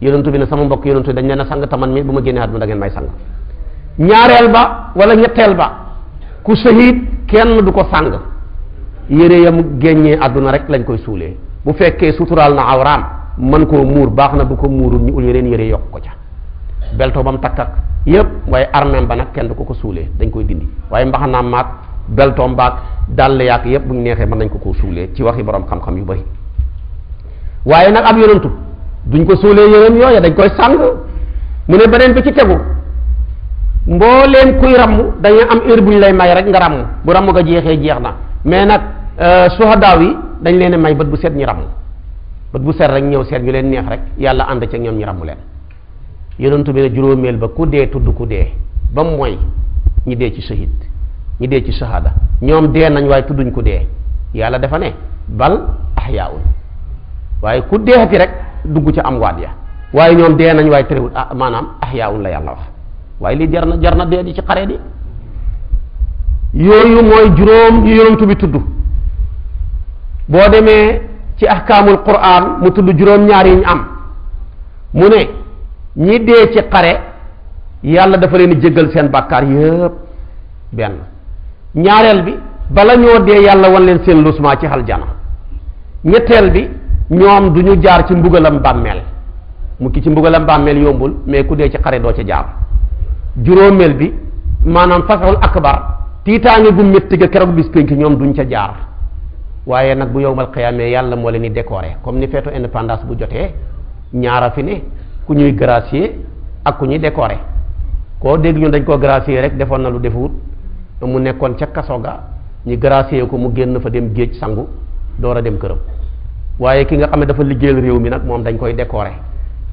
yonentou bi ne sama mbokk yonentou dañ leena a sang taman mi buma ma aduna da ngeen may sang ñaarel ba wala ñettel ba ku shahid kenn du ko sang yere yam géññee aduna rek lañ koy suulee bu sutural na awram man ko mur baxna bu ko murul ñu ul yeneen yere yok ko ca belto bam takak ak yépp way armem ba nak kenn du ko ko suulee dañ koy dindi waaye mbaxanaam maag beltoom baag dàll yaag yépp ñu nexé man nañ ko ko suulee ci waxi borom xam-xam yu bari waye nak ab yonentou duñ ko suulee yéreem yooya dañ koy sàng mu ne beneen bi ci tegu mbooleem kuy ramm dañuy am heure bu ñu lay may rek nga ramm bu ramm nga jeexee jeex na mais nag euh, suhadaaw yi dañ leen may bët bu set ñi ramm bët bu set rek ñëw seet ñu leen neex rek yàlla ànd ca ñoom ñi ramm leen yonentu bi ne juróomeel ba ku dee tudd ku dee ba mu mooy ñi dee ci shahid ñi dee ci shahada ñoom dee nañ waaye tudduñ ku dee yàlla dafa ne bal ahyaun waaye ku deexati rek dugg ca am waat ya waaye ñoom dee nañ waaye terewul ah maanaam ahyaawun la yàlla wax waaye lii jar na jar na dee di ci xare di yooyu mooy juróom yu yonent bi tudd boo demee ci ahkaamul quraan mu tudd juróom ñaar yi am mu ne ñi dee ci xare yàlla dafa leen jéggal seen bàkkaar yépp benn ñaareel bi bala ñoo dee yàlla wan leen seen lusmaa ci aljana ñetteel bi ñoom du ñu jaar ci mbugalam bàmmeel mu ki ci mbugalam bàmmeel yombul mais ku dee ci xare doo ca jaar juróomeel bi maanaam fasaxul akbar tiitaange gu métti ga keroog bis pénk ñoom duñ ca jaar waaye nag bu yowmal xiyaamee yàlla moo leen ni décorer comme ni feetu indépendance bu jotee ñaara fi ne ku ñuy gracier ak ku ñuy décorer koo dégg ñu dañ koo gracier rek defoon na lu defuwut mu nekkoon ca kaso ga ñu gracier ko mu génn fa dem géej sangu door a dem këram waaye ki nga xam ne dafa liggéeyal réew mi nag moom dañ koy décorer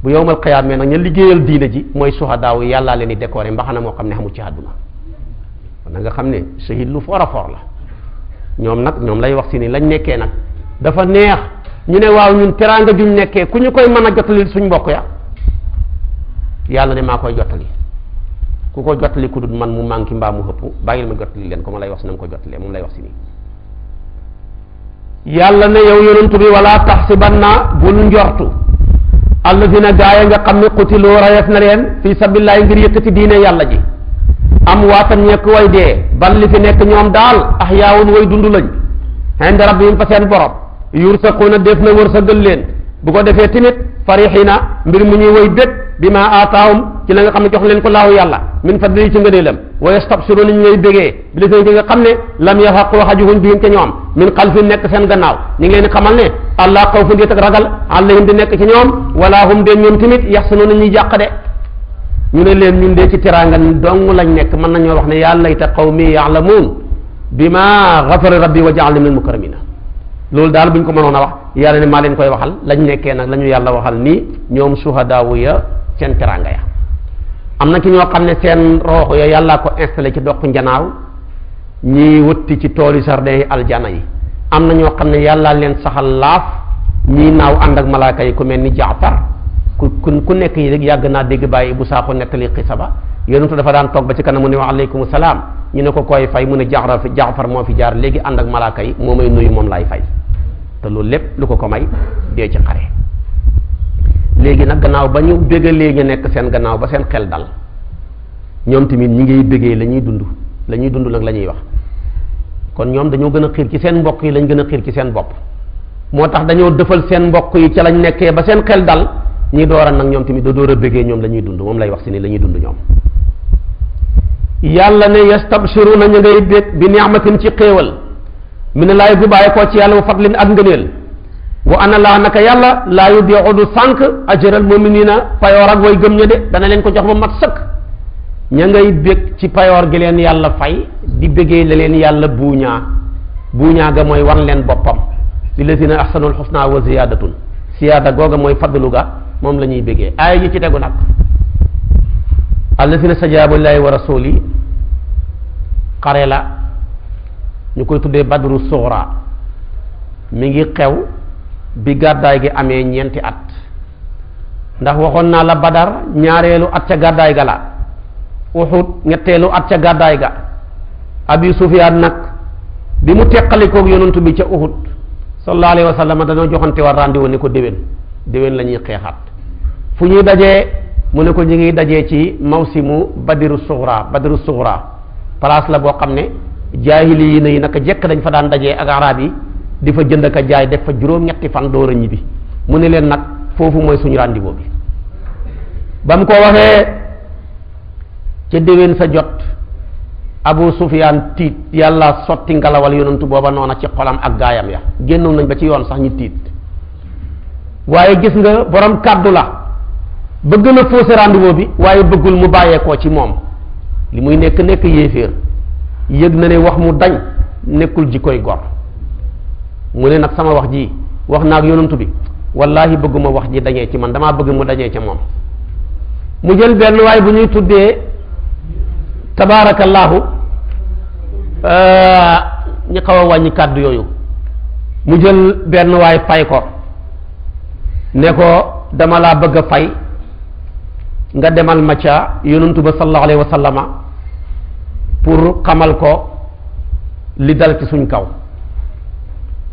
bu yowmal xiyaamee nag ña liggéeyal diine ji mooy suhadaaw yàllaa leen di décorer mbaxana moo xam ne xamul ci àdduna na nga xam ne sahid lu fort a la ñoom nag ñoom lay wax si nii lañ nekkee nag dafa neex ñu ne waaw ñun teraanga juñ nekkee ku ñu koy mën a jottali suñ mbokk ya yàlla ne maa koy jottali ku ko jottali ku dul man mu manqué mbaa mu xëpp bàyyil ma jottali leen ko ma wax si na ko jottalee moom lay wax si nii yàlla ne yow yonantu bi wala taxsibanna bul njortu allazina gaaya nga xam ne qutiloo rayef na leen fi sabilillahi ngir yëkkati diine yàlla ji am waatan nekk way dee bal li fi nekk ñoom daal ahyaawun way dund lañ inda rabbihim fa seen borom yursaquuna def na wërsëgal leen bu ko defee tamit farixina mbir mu ñuy way bég bi ma aataahum ci la nga xam ne jox leen ko laahu yàlla min fadli ci ngëneelam wa yastabsiruna ñu ngay bégee bi la seen nga xam ne lam yahaqu xajuhum bihim ca ñoom min xalfin nekk seen gannaaw ñu ngi leen xamal ne allah xawfun di tak ragal alayhim di nekk ci ñoom wala hum de ñoom tamit yaxsanuna ñuy jàq de ñu ne leen ñun de ci teraanga dong lañ nekk mën nañoo wax ne yàlla layta qawmi ya'lamun bima ghafara rabbi wa ja'alni minal mukramina loolu daal bu ñu ko mënoon a wax yàlla ne maa leen koy waxal lañ nekkee nag la ñu yàlla waxal nii ñoom suhadaawu ya seen teranga ya am na ci ñoo xam ne seen roox ya yàlla ko installé ci doq njanaaw ñiy wëtti ci toolu jardin yi aljana yi am na ñoo xam ne yàlla leen saxal laaf ñiy naaw ànd ak malaaka yi ku mel ni jaafar ku ku ku nekk yi rek yàgg naa dégg bàyyi bu saako nettali xisa ba yonentu dafa daan toog ba ci kanam mu ne wa aleykum salaam ñu ne ko koy fay mu ne jaxra fi jaxfar moo fi jaar léegi ànd ak malaaka yi moo may nuyu moom laay fay te loolu lépp lu ko ko may dee léegi nag gannaaw ba ñu bégalee léegi nekk seen gannaaw ba seen xel dal ñoom tamit ñi ngay bégee la ñuy dund lañuy dund nag la ñuy wax kon ñoom dañoo gën a xiir ci seen mbokk yi lañ gën a xiir ci seen bopp moo tax dañoo dëfal seen mbokk yi ca lañ nekkee ba seen xel dal ñi door a nag ñoom tamit doo door a bégee ñoom la ñuy dund moom lay wax si ni lañuy ñuy dund ñoom yàlla ne yastabsiruna ñu ngay bég bi ni'matin ci xéewal mi ne laay bu koo ci yàlla bu fadlin ak wa ana laa naka yàlla laa yu dee du sànq ajral muminina payoor ak way gëm ña de dana leen ko jox ba mat sëkk ña ngay bég ci payoor gi leen yàlla fay di bégee la leen yàlla buuñaa buuñaa ga mooy war leen boppam lillazina ahsanul xusna wa ziyaadatun siyaada googa mooy fadlu ga moom la ñuy bégee aaya yi ci tegu nag allazina sajaabu lillahi wa sooli xare la ñu koy tuddee badru suxra mi ngi xew bi gàddaay gi amee ñeenti at ndax waxoon naa la badar ñaareelu at ca gàddaay ga la uxud ñetteelu at ca gàddaay ga abi sufiyaan nag bi mu teqalikoog yonantu bi ca uxud sallallahu alayhi wa sallam dañoo joxante war rendez-vous ni ko déwén déwén la ñuy xeexaat fu ñuy dajee mu ne ko ñu ngi dajee ci mawsimu badiru suxra badiru suxra place la boo xam ne jaahili yi na yi naka jekk dañ fa daan dajee ak arab yi di fa jënd ka jaay def fa juróom-ñetti fan door a bi mu ne leen nag foofu mooy suñu rendez-vous bi ba mu ko waxee ca déwén sa jot Abu Sufyaan tiit yàlla sotti ngalawal yonantu booba noona ci xolam ak gaayam ya génnoon nañ ba ci yoon sax ñu tiit waaye gis nga borom kàddu la bëgg na fausse rendez bi waaye bëggul mu bàyyeekoo ci moom li muy nekk nekk yéeféer yëg na ne wax mu dañ nekkul ji koy gor mu ne nag sama wax ji wax naa ak yonantu bi wallahi bëgguma wax ji dañee ci man damaa bëgg mu dañee ca moom mu jël benn waay bu ñuy tuddee tabaarakallaahu euh, ñu xaw a wàññi kàddu yooyu mu jël benn waay fay ko ne ko dama laa bëgg a fay nga demal ma ca yonantu ba sallallahu alayhi pour xamal ko li dal ci suñ kaw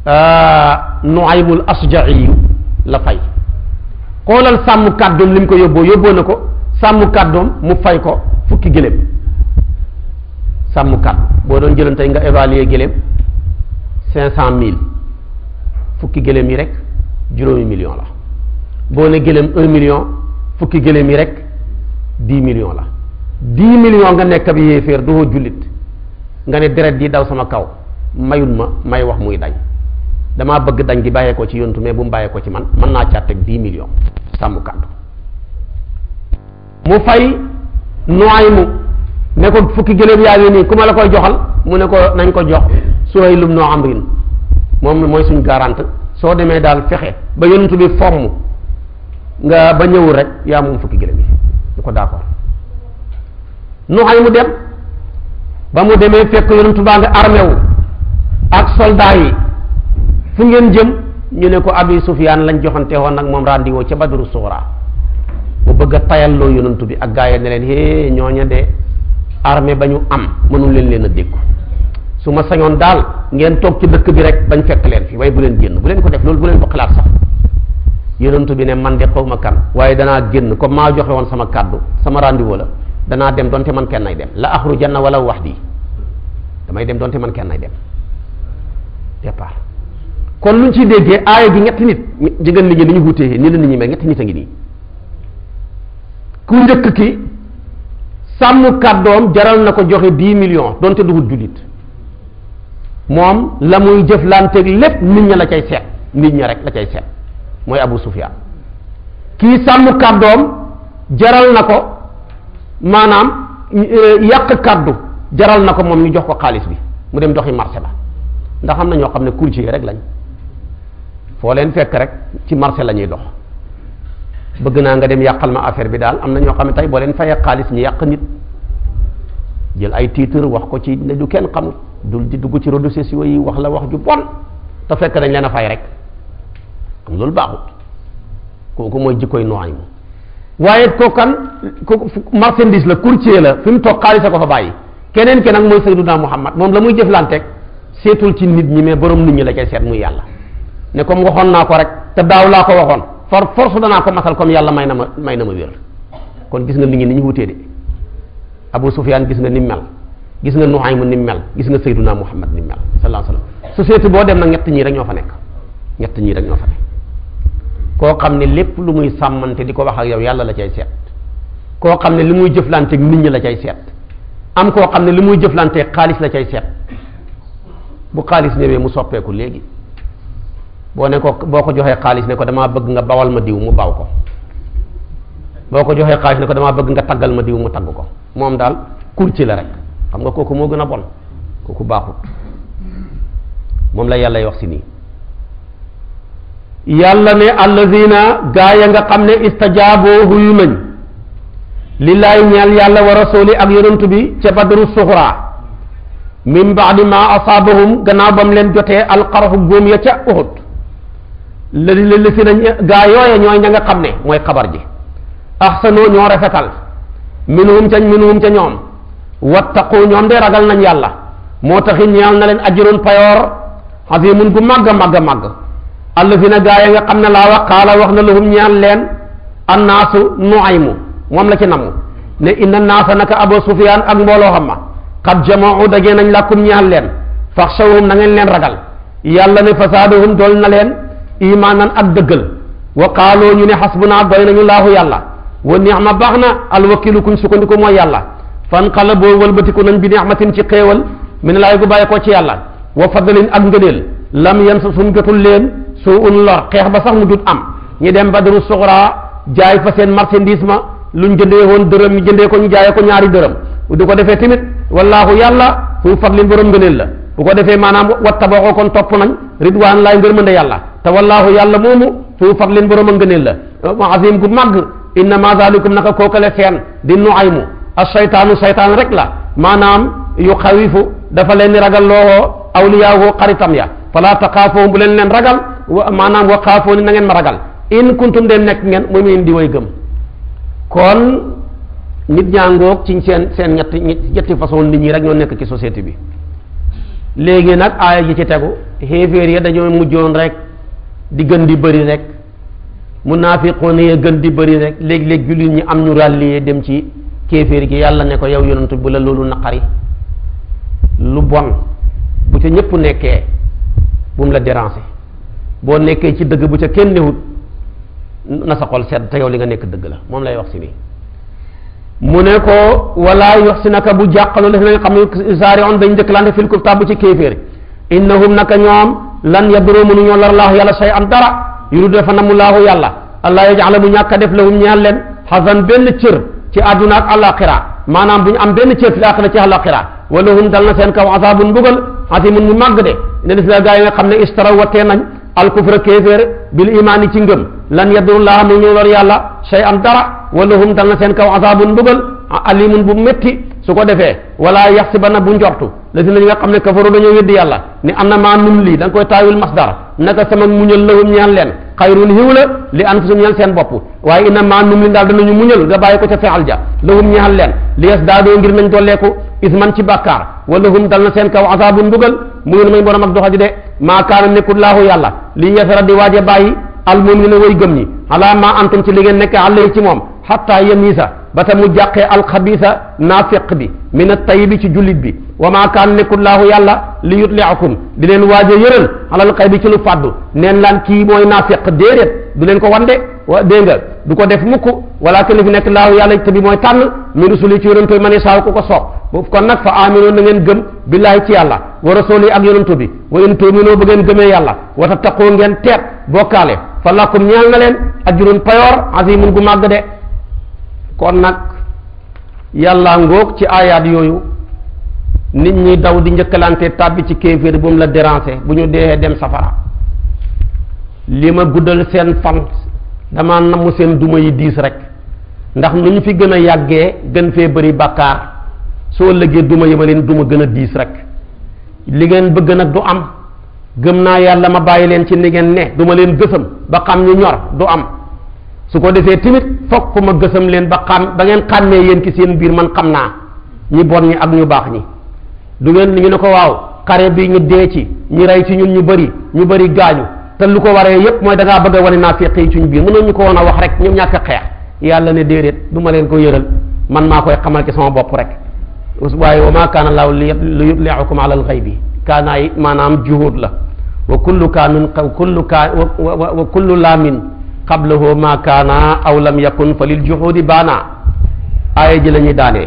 Euh, Nuaymul Asja'i la fay xoolal sàmm kàddoom li mu ko yóbboo yóbboo na ko sàmm kàddoom mu fay ko fukki gëléem sàmm kàddu boo doon jëloon tey nga évaluer gëléem cinq cent mille fukki gëléem yi rek juróomi million la boo ne gëléem un million fukki gëléem yi rek dix million la dix million nga nekk ab yéeféer doo jullit nga ne deret di daw sama kaw mayul ma may wax muy dañ damaa bëgg dañ gi bàyyeekoo ci yontu mais bu mu bàyyeekoo ci man mën naa caa teg dix millions sàmm kàddu mu fay nooy mu ne ko fukki gëléem yaa ngi nii ku ma la koy joxal mu ne ko nañ ko jox Suhaylum noo amrin moom mooy suñ garante soo demee daal fexe ba yontu bi fomm nga ba ñëwul rek yaa moom fukki gëléem yi ñu ko d'accord nooy mu dem ba mu demee fekk yontu baa nga armé ak soldat yi fu ngeen jëm ñu ne ko abi sufyan lañ joxante woon ak moom randi woo ca badru sura mu bëgg a tayalloo yonantu bi ak gaaya ne leen hee ñooña de armée bañu am mënu leen leen a dékku su ma sañoon daal ngeen toog ci dëkk bi rek bañ fekk leen fi way bu leen génn bu leen ko def loolu bu leen ko xalaat sax yonantu bi ne man de xawma kan waaye danaa génn comme maa joxe woon sama kàddu sama randi woo la danaa dem donte man kenn nay dem la axru janna wala wax di damay dem donte man kenn nay dem départ kon luñ ci déggee aaya gi ñetti nit jigéen nit ñi ni ñu wutee nii la nit ñi mais ñetti nit a ngi nii ku njëkk ki sàmm kàddoom jaral na ko joxe dix million donte duhut jullit moom la muy jëflanteeg lépp nit ña la cay seet nit ña rek la cay seet mooy Abu Sufyaan kii sàmm kàddoom jaral na ko maanaam eh, yàq kàddu jaral na ko moom ñu jox ko xaalis bi mu dem doxi marché ba ndax xam na ñoo xam ne courtier rek lañ fo len fekk rek ci marché lañuy dox bëgg na nga dem yakal ma affaire bi dal amna ño xamni tay bo len boo xaliss ñi yak nit jël ay titre wax ko ci ne du kenn xam dul di dugg ci réseaux sociaux yi wax la wax ju bon ta fekk dañ leena fay rek xam loolu baaxut kooku moy jikkoy noy mu waye ko kan ko marchandise la courtier la fim tok xaliss ko fa bayyi keneen ke nak moy muhammad moom la muy jëflanté Setul ci nit ñi mais borom nit ñi la mu set muy yalla ne comme waxoon naa ko rek te daaw laa ko waxoon for force danaa ko masal comme yàlla may na ma may na ma wér kon gis nga nit ñi ni ñu wutee de Abu Sufyaan gis nga ni mel gis nga Nuhaym ni mel gis nga Sayyiduna Muhammad ni mel sallallahu alayhi wasallam boo dem na ñett ñii rek ñoo fa nekk ñett ñii rek ñoo fa nekk koo xam ne lépp lu muy sàmmante di ko wax ak yow yàlla la cay seet koo xam ne li muy jëflanteeg nit ñi la cay seet am koo xam ne li muy jëflanteeg xaalis la cay seet bu xaalis mu soppeeku léegi boo ne ko boo ko joxee xaalis ne ko damaa bëgg nga bawal ma diw mu baw ko ko joxee xaalis ne ko bëgg nga taggal ma diw mu tagg ko moom daal kur ci la rek xam nga kooku moo gën a bon kooku baaxut moom la yàlla wax si nii yàlla ne allazina gaa ya nga xam ne istajaaboo huyu nañ lillaay ñeel yàlla a rasuuli ak yonent bi ca badru suxraa min baadi ma asaabahum gannaaw bam mu leen jotee alxaraxu góom ya ca uxut la la lësi na gaa yooye ñooy ña nga xam ne mooy xabar ji axsanu ñoo rafetal minhum ca minhum ca ñoom wattaqu ñoom de ragal nañ yàlla moo taxi ñeel na leen ajrun payoor azimun gu màgg a màgg a màgg allazina gaa ya nga xam ne laa wax qaala wax na lahum ñeel leen annaasu nuaymu moom la ci namu ne inna na naka abu sufyaan ak mbooloo xam ma qad jamaau dajee nañ làkkum ñeel leen faxshawhum na ngeen leen ragal dool na leen imanan ak deugal wa qaaloo ñu ne hasbuna bayna nañu laahu yàlla wa ni'ma bahna baax na alwakilu kuñ sukkandiku mooy yàlla fanqala boo wëlbatiku nan bi ni'matin ci xewal min lay gu bàyyi ko ci yalla wa fadlin ak ngëneel lam yan sa suñ jotul leen soo un lor xeex ba sax mu jut am ñi dem Badru sughra jaay fa sen marchandise ma luñ jëndee won deureum ñu jëndee ko ñu jaay ko ñaari deureum du ko defé timit wallahu yalla fu fadlin borom ngëneel la bu ko defé manam maanaam wattabaxoo kon top nañ ridwaan laay ngërmande yàlla te wallahu yàlla moomu fu fadlin borom a ngëneel la azim gu màgg inna ma zalikum naka kookale seen di nuaymu a seytaanu seytaan rek la maanaam yu xawifu dafa leen ragal loowoo awliyaawoo xaritam ya fala taxaafoom bu leen leen ragal maanaam wa xaafoo ni na ngeen ma ragal in kuntum dem nekk ngeen muy mu di way gëm kon nit ñaangoog ci seen seen ñetti ñetti façon nit ñi rek ñoo nekk ci société bi léegi nag aaya ji ci tegu xéeféer ya dañoo mujjoon rek di gën di bëri rek munaafiqoon ya gën di bëri rek léeg-léeg jullit ñi am ñu ràlliyee dem ci kéeféer gi yàlla ne ko yow yonantu bu la loolu naqari lu bon bu ca ñëpp nekkee bu mu la déranger boo nekkee ci dëgg bu ca kenn newut na sa xol sedd te yow li nga nekk dëgg la moom lay wax si nii mu ne ko wala yox si naka bu jàqalu la fi nañ xam ne on dañ njëkkalante fil kuftaab bu ci kéeféer innahum naka ñoom lan yaduroo mënu ñoo lar laahu yàlla say an dara yuru dafa namu laahu yàlla allah yajala mu ñàkk a def lahum ñaan leen xasan benn cër ci àdduna ak àllaaxira maanaam bu ñu am benn cër fi laaxira ci àllaaxira wala hum da na seen kaw asaabun mbugal asimun mu màgg de ne gis nga gaa yi nga xam ne istara watee nañ alkufra kéeféer bil imaan ci ngëm lan yaduroo la mu ñu lor yàlla say an hum dal na seen kaw asaabun mbugal alimun bu métti su ko defee wala yaxsibanna bu njortu la si la nga xam ne kafaru dañoo weddi yàlla ni am na maa num lii da koy taawil masdar naka sama muñal lahum ñaan leen xayrun xiw la li anfusum ñaan seen bopp waaye inna maa num li daal danañu muñal nga bàyyi ko ca fexal ja lahum ñaan leen li yes daadoo ngir nañ dolleeku isman ci bàkkaar wala hum dal na seen kaw azabu mbugal mu ngi may borom ak doxaji de maa kaana nekkul laahu yàlla di waaje bàyyi al mu'minina way gëm ñi ala maa antum ci li ba ta mu jàqee alxabisa naafiq bi min at-tayyibi ci jullit bi wa maa kaan nekkullaahu yàlla li yutliakum di leen waaj a yëral alal xay bi ci lu fàddu neen laan kii mooy naafiq déedéet du leen ko wande wa dégg nga ko def mukk walakin fi nekk laahu yàlla te bi mooy tànn min rusuli ci yonantu bi man saaw ku ko soob boobu kon nag fa aminoon na ngeen gëm billaahi ci yàlla wa rasuli ak yonantu bi wa in tuminoo ba ngeen gëmee yàlla wa tattaqoo ngeen teet bokkaale fa lakum ñeel na leen ajrun payoor kon nag yàlla ngoog ci aayaat yooyu nit ñi daw di njëkkalante tàbbi ci kéeféer bu mu la déranger bu ñu dee dem safara li ma guddal seen fan dama namm seen duma yi diis rek ndax nu ñu fi gën a yàggee gën fee bëri bàkkaar soo lëggee duma yi ma leen duma gën a diis rek li ngeen bëgg nag du am gëm naa yàlla ma bàyyi leen ci ni ngeen ne duma leen gësam ba xam ñu ñor du am su ko defee tamit fokk ma gësam leen ba xam ba ngeen xàmmee yéen ki seen biir man xam naa ñi bon ñi ak ñu baax ñi du ngeen ñu ne ko waaw xare bi ñu dee ci ñu rey ci ñun ñu bari ñu bëri gaañu te lu ko waree yépp mooy da ngaa bëgg a wane naa féq yi suñu biir mënoon ñu ko woon a wax rek ñu ñàkk a xeex yàlla ne déedéet du ma leen ko yëral man maa koy xamal ci sama bopp rek waaye wa maa kaana laahu li yutliakum ala alxaybi kaanaay maanaam juhud la wa kullu kaanun kullu qablahu ma kaana aw lam yakun fa lil juhudi baana aaya ji la ñuy daanee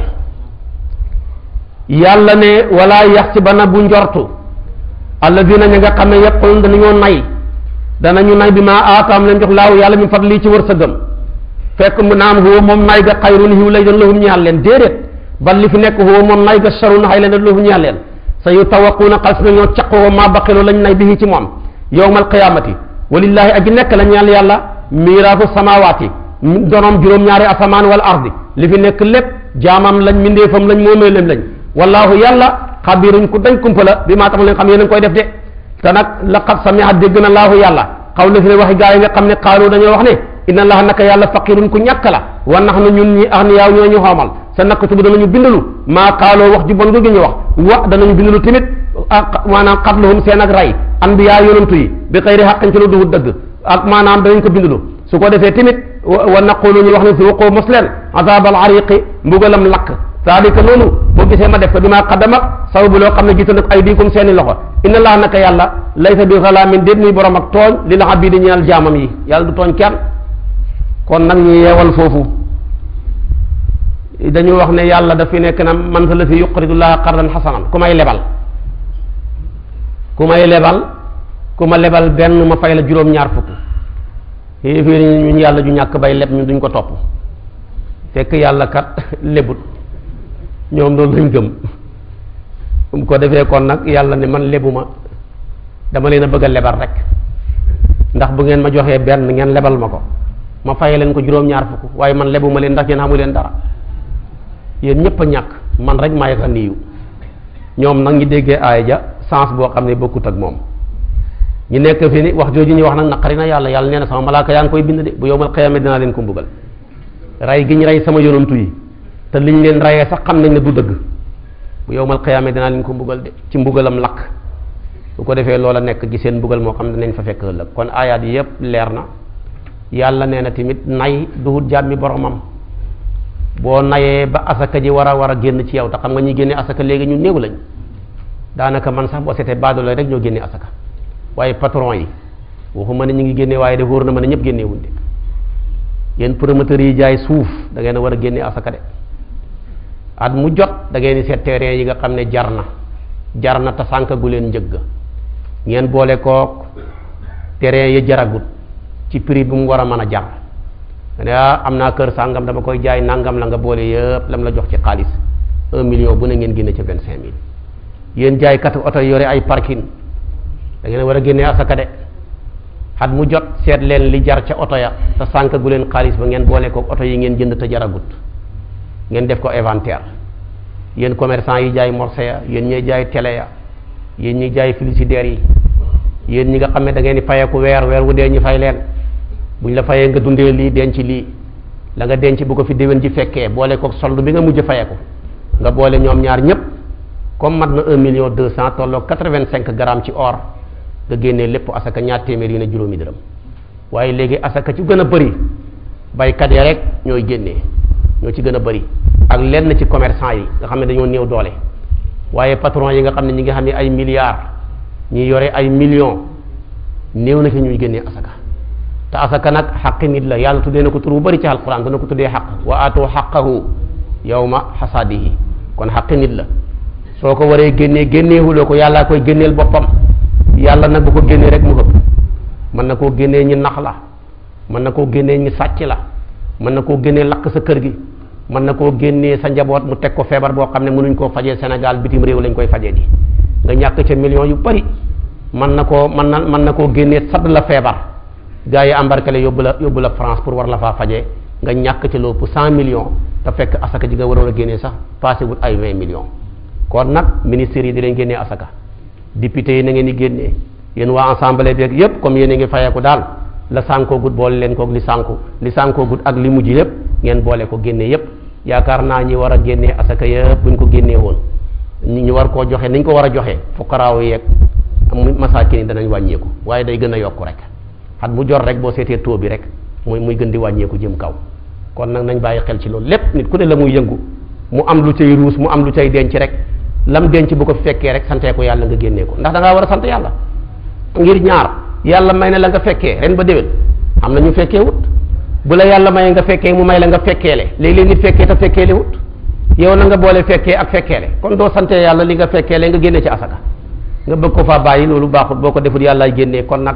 yàlla ne wala yaxsibanna bu njortu alladina ña nga xam ne yaqulun danañoo nay danañu nay bi ma aataam leen jox laaw yàlla min fadli ci wërsëgam fekk mu naam huwa moom nay ga xayrun hiw lay doon lahum ñaal leen déedéet bal li fi nekk huwa moom nay ga sharun xay leen lahum sa yu tawaquuna na ñoo caqoo maa baqiloo lañ nay bi ci moom yowmal qiyaamati walillaahi aji nekk la ñaal yàlla miiraasu samawaati donoom juróom-ñaari asamaan wal ardi li fi nekk lépp jaamam lañ mindeefam lañ moomeelem lañ wallahu yàlla xabiruñ ku dañ kumpa la bi maa tax leen xam yéen a ngi koy def de la nag laqad a dégg na laahu yàlla xaw la fi ne waxi gaa yi nga xam ne xaalu dañoo wax ne inna laaha naka yàlla faqirun ku ñàkk la wa nax na ñun ñi axniyaaw ñoo ñu xoomal sa naktubu danañu bindalu maa xaaloo wax ju bon googu ñu wax wa danañu bindalu tamit maanaam xatlahum seen ak rey anbiyaa yonantu yi bi xëyri xaqin ci lu duhut dëgg ak maanaam danañ ko bindulu su ko defee tamit wa naqulu ñu wax ne zuqu mos leen azab al mbugalam lakk cest loolu boo gisee ma def ko bi maa xaddama saw bu loo xam ne gisoon ak ay diikum seen loxo inna laa naka yàlla laysa bi zalaamin ak tooñ li la abidi ñeel jaamam yi yàlla du tooñ kenn kon nag ñu yeewal foofu dañu wax ne yàlla daf nekk na man sa la fi yuqridu laa qardan xasanan ku may lebal ku may lebal ku ma lebal benn ma fay la juróom ñaar fukk yéeféer ñun yàlla ju ñàkk bay leb ñu duñ ko topp fekk yàlla kat lebut ñoom loolu lañ gëm bu ko defee kon nag yàlla ne man lebuma dama leen a bëgg a lebal rek ndax bu ngeen ma joxee benn ngeen lebal ma ko ma fay leen ko juróom ñaar fukk waaye man lebuma leen ndax yéen xamu leen dara yéen ñëpp a ñàkk man rek may yëg niiw ñoom nag ñi déggee aaya ja sens boo xam ne bokkut ak moom ñu nekk fi ni wax jooju ñuy wax nag naqari na yàlla yàlla nee na sama malaaka yaa koy bind de bu yowmal xiyaama dinaa leen ko mbugal rey gi ñu rey sama yonantu yi te liñ leen reyee sax xam nañ ne du dëgg bu yowmal xiyaama dinaa leen ko mbugal de ci mbugalam lakk bu ko defee loola nekk gi seen mbugal moo xam ne dinañ fa fekk ëllëg kon aayaat yépp leer na yàlla nee na tamit nay duhut jàmmi boromam boo nayee ba asaka ji war a war a génn ci yow te xam nga ñuy génne asaka léegi ñu néew lañ daanaka man sax boo seetee baadoolo rek ñoo génne asaka waaye patron yi waxuma ne ñu ngi génnee waaye de wóor na ma ne ñëpp génne wuñ de yéen yi jaay suuf da ngeen a war a génne asaka de at mu jot da ngeen di seet terrain yi nga xam ne jar na jar na te sànq gu leen njëgg ngeen boole kook terrain yi jaragut ci prix bi mu war a mën a jar nga ne ah am naa kër sàngam dama koy jaay nangam la nga boole yëpp lam la jox ci xaalis un million bu ne ngeen génne ca vingt cinq mille yéen jaaykatu oto yore ay parking da ngeen wara genné génne asaka de xat mu jot seet len li jar ci auto ya ta sank gu len xaliss ba ngeen bolé ko auto yi ngeen jënd ta jaragut ngeen def ko inventaire yeen commerçant yi jaay morse ya yeen ñi jaay télé ya yeen ñi jaay frigidaire yi yeen ñi nga xamé ne da ngeen fayé ko weer weer wu dee ñi fay len buñ la fayé nga dundee lii denc li la nga denc bu ko fi déwén ci fekkee bolé ko soldu bi nga mujjé fayé ko nga bolé ñom ñaar ñëpp comme matna 1 million 200 cent 85 quatre grammes ci or nga génnee lépp asaka ñaar téeméer yi ne juróomi dërëm waaye léegi asaka ci gën a bëri baykat ya rek ñooy génne ñoo ci gën a bëri ak lenn ci commerçant yi nga xam ne dañoo néew doole waaye patron yi nga xam ne ñi nga xam ne ay milliards ñi yore ay millions néew na ci ñuy génne asaka te asaka nag xaqi nit la yàlla tuddee na ko tur bu bari ci alquran dana ko tuddee xaq wa aatoo ma yawma xasaadihi kon xaqi nit la soo ko waree génnee génneewuloo ko yàllaa koy génneel boppam yàlla nag bu ko génnee rek mu ëpp mën na koo génnee ñi nax la mën na koo génnee ñi sàcc la mën na koo génnee lakk sa kër gi mën na koo génnee sa njaboot mu teg ko feebar boo xam ne mënuñ koo fajee Sénégal bitim réew lañu koy fajee ji nga ñàkk ca millions yu bari mën na koo mën na mën na koo génnee sadd la feebar gars yi embarqué yóbbu la yóbbu la France pour war la faa faje nga ñàkk ca lóopu cent million te fekk asaka ji nga waroon a génnee sax passé wut ay vingt millions kon nag ministère yi di leen génnee asaka député yi na ngeen di génnee yéen waa assemblée beeg yépp comme yéen a ngi fayeeku daal la sànkoogut boole leen koog li sànku li sànkoogut ak li mujj lépp ngeen boole ko génne yépp yaakaar naa ñi war a génnee asaka yépp buñ ko génnee woon ñu war koo joxe nañ ko war a joxe fukkaraaw yeeg masaakin yi danañ wàññeeku waaye day gën a yokku rek at mu jor rek boo seetee taux bi rek muy muy gën di wàññeeku jëm kaw kon nag nañ bàyyi xel ci loolu lépp nit ku ne la muy yëngu mu am lu cay ruus mu am lu cay denc rek lam denc bu ko fekkee rek santee ko yàlla nga génnee ko ndax da ngaa war a sant yàlla ngir ñaar yàlla may ne la nga fekkee ren ba déwén am na ñu fekkee wut bu la yàlla may nga fekkee mu may la nga fekkeele léeg-léeg nit fekkee te fekkeele wut yow na nga boole fekkee ak fekkee fekkeele kon doo sante yàlla li nga fekkee fekkeele nga génnee ci asaka nga bëgg ko faa bàyyi loolu baaxul boo ko deful yàlla génnee kon nag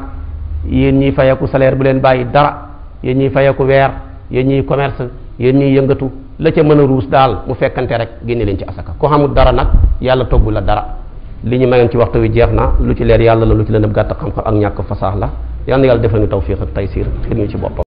yéen ñiy fayeku salaire bu leen bàyyi dara yéen ñiy fayeku weer yéen ñiy commerce yéen ñiy yëngatu la ca mën a ruus daal mu fekkante rek génne leen ci asaka ku xamul dara nag yàlla toggu la dara li ñu mayoon ci waxtu wi jeex na lu ci leer yàlla la lu ci lëndëm gàtt xam-xam ak ñàkk fasaax la yal na yàlla defal ñu tawfiq ak taysir xir ñu ci boppam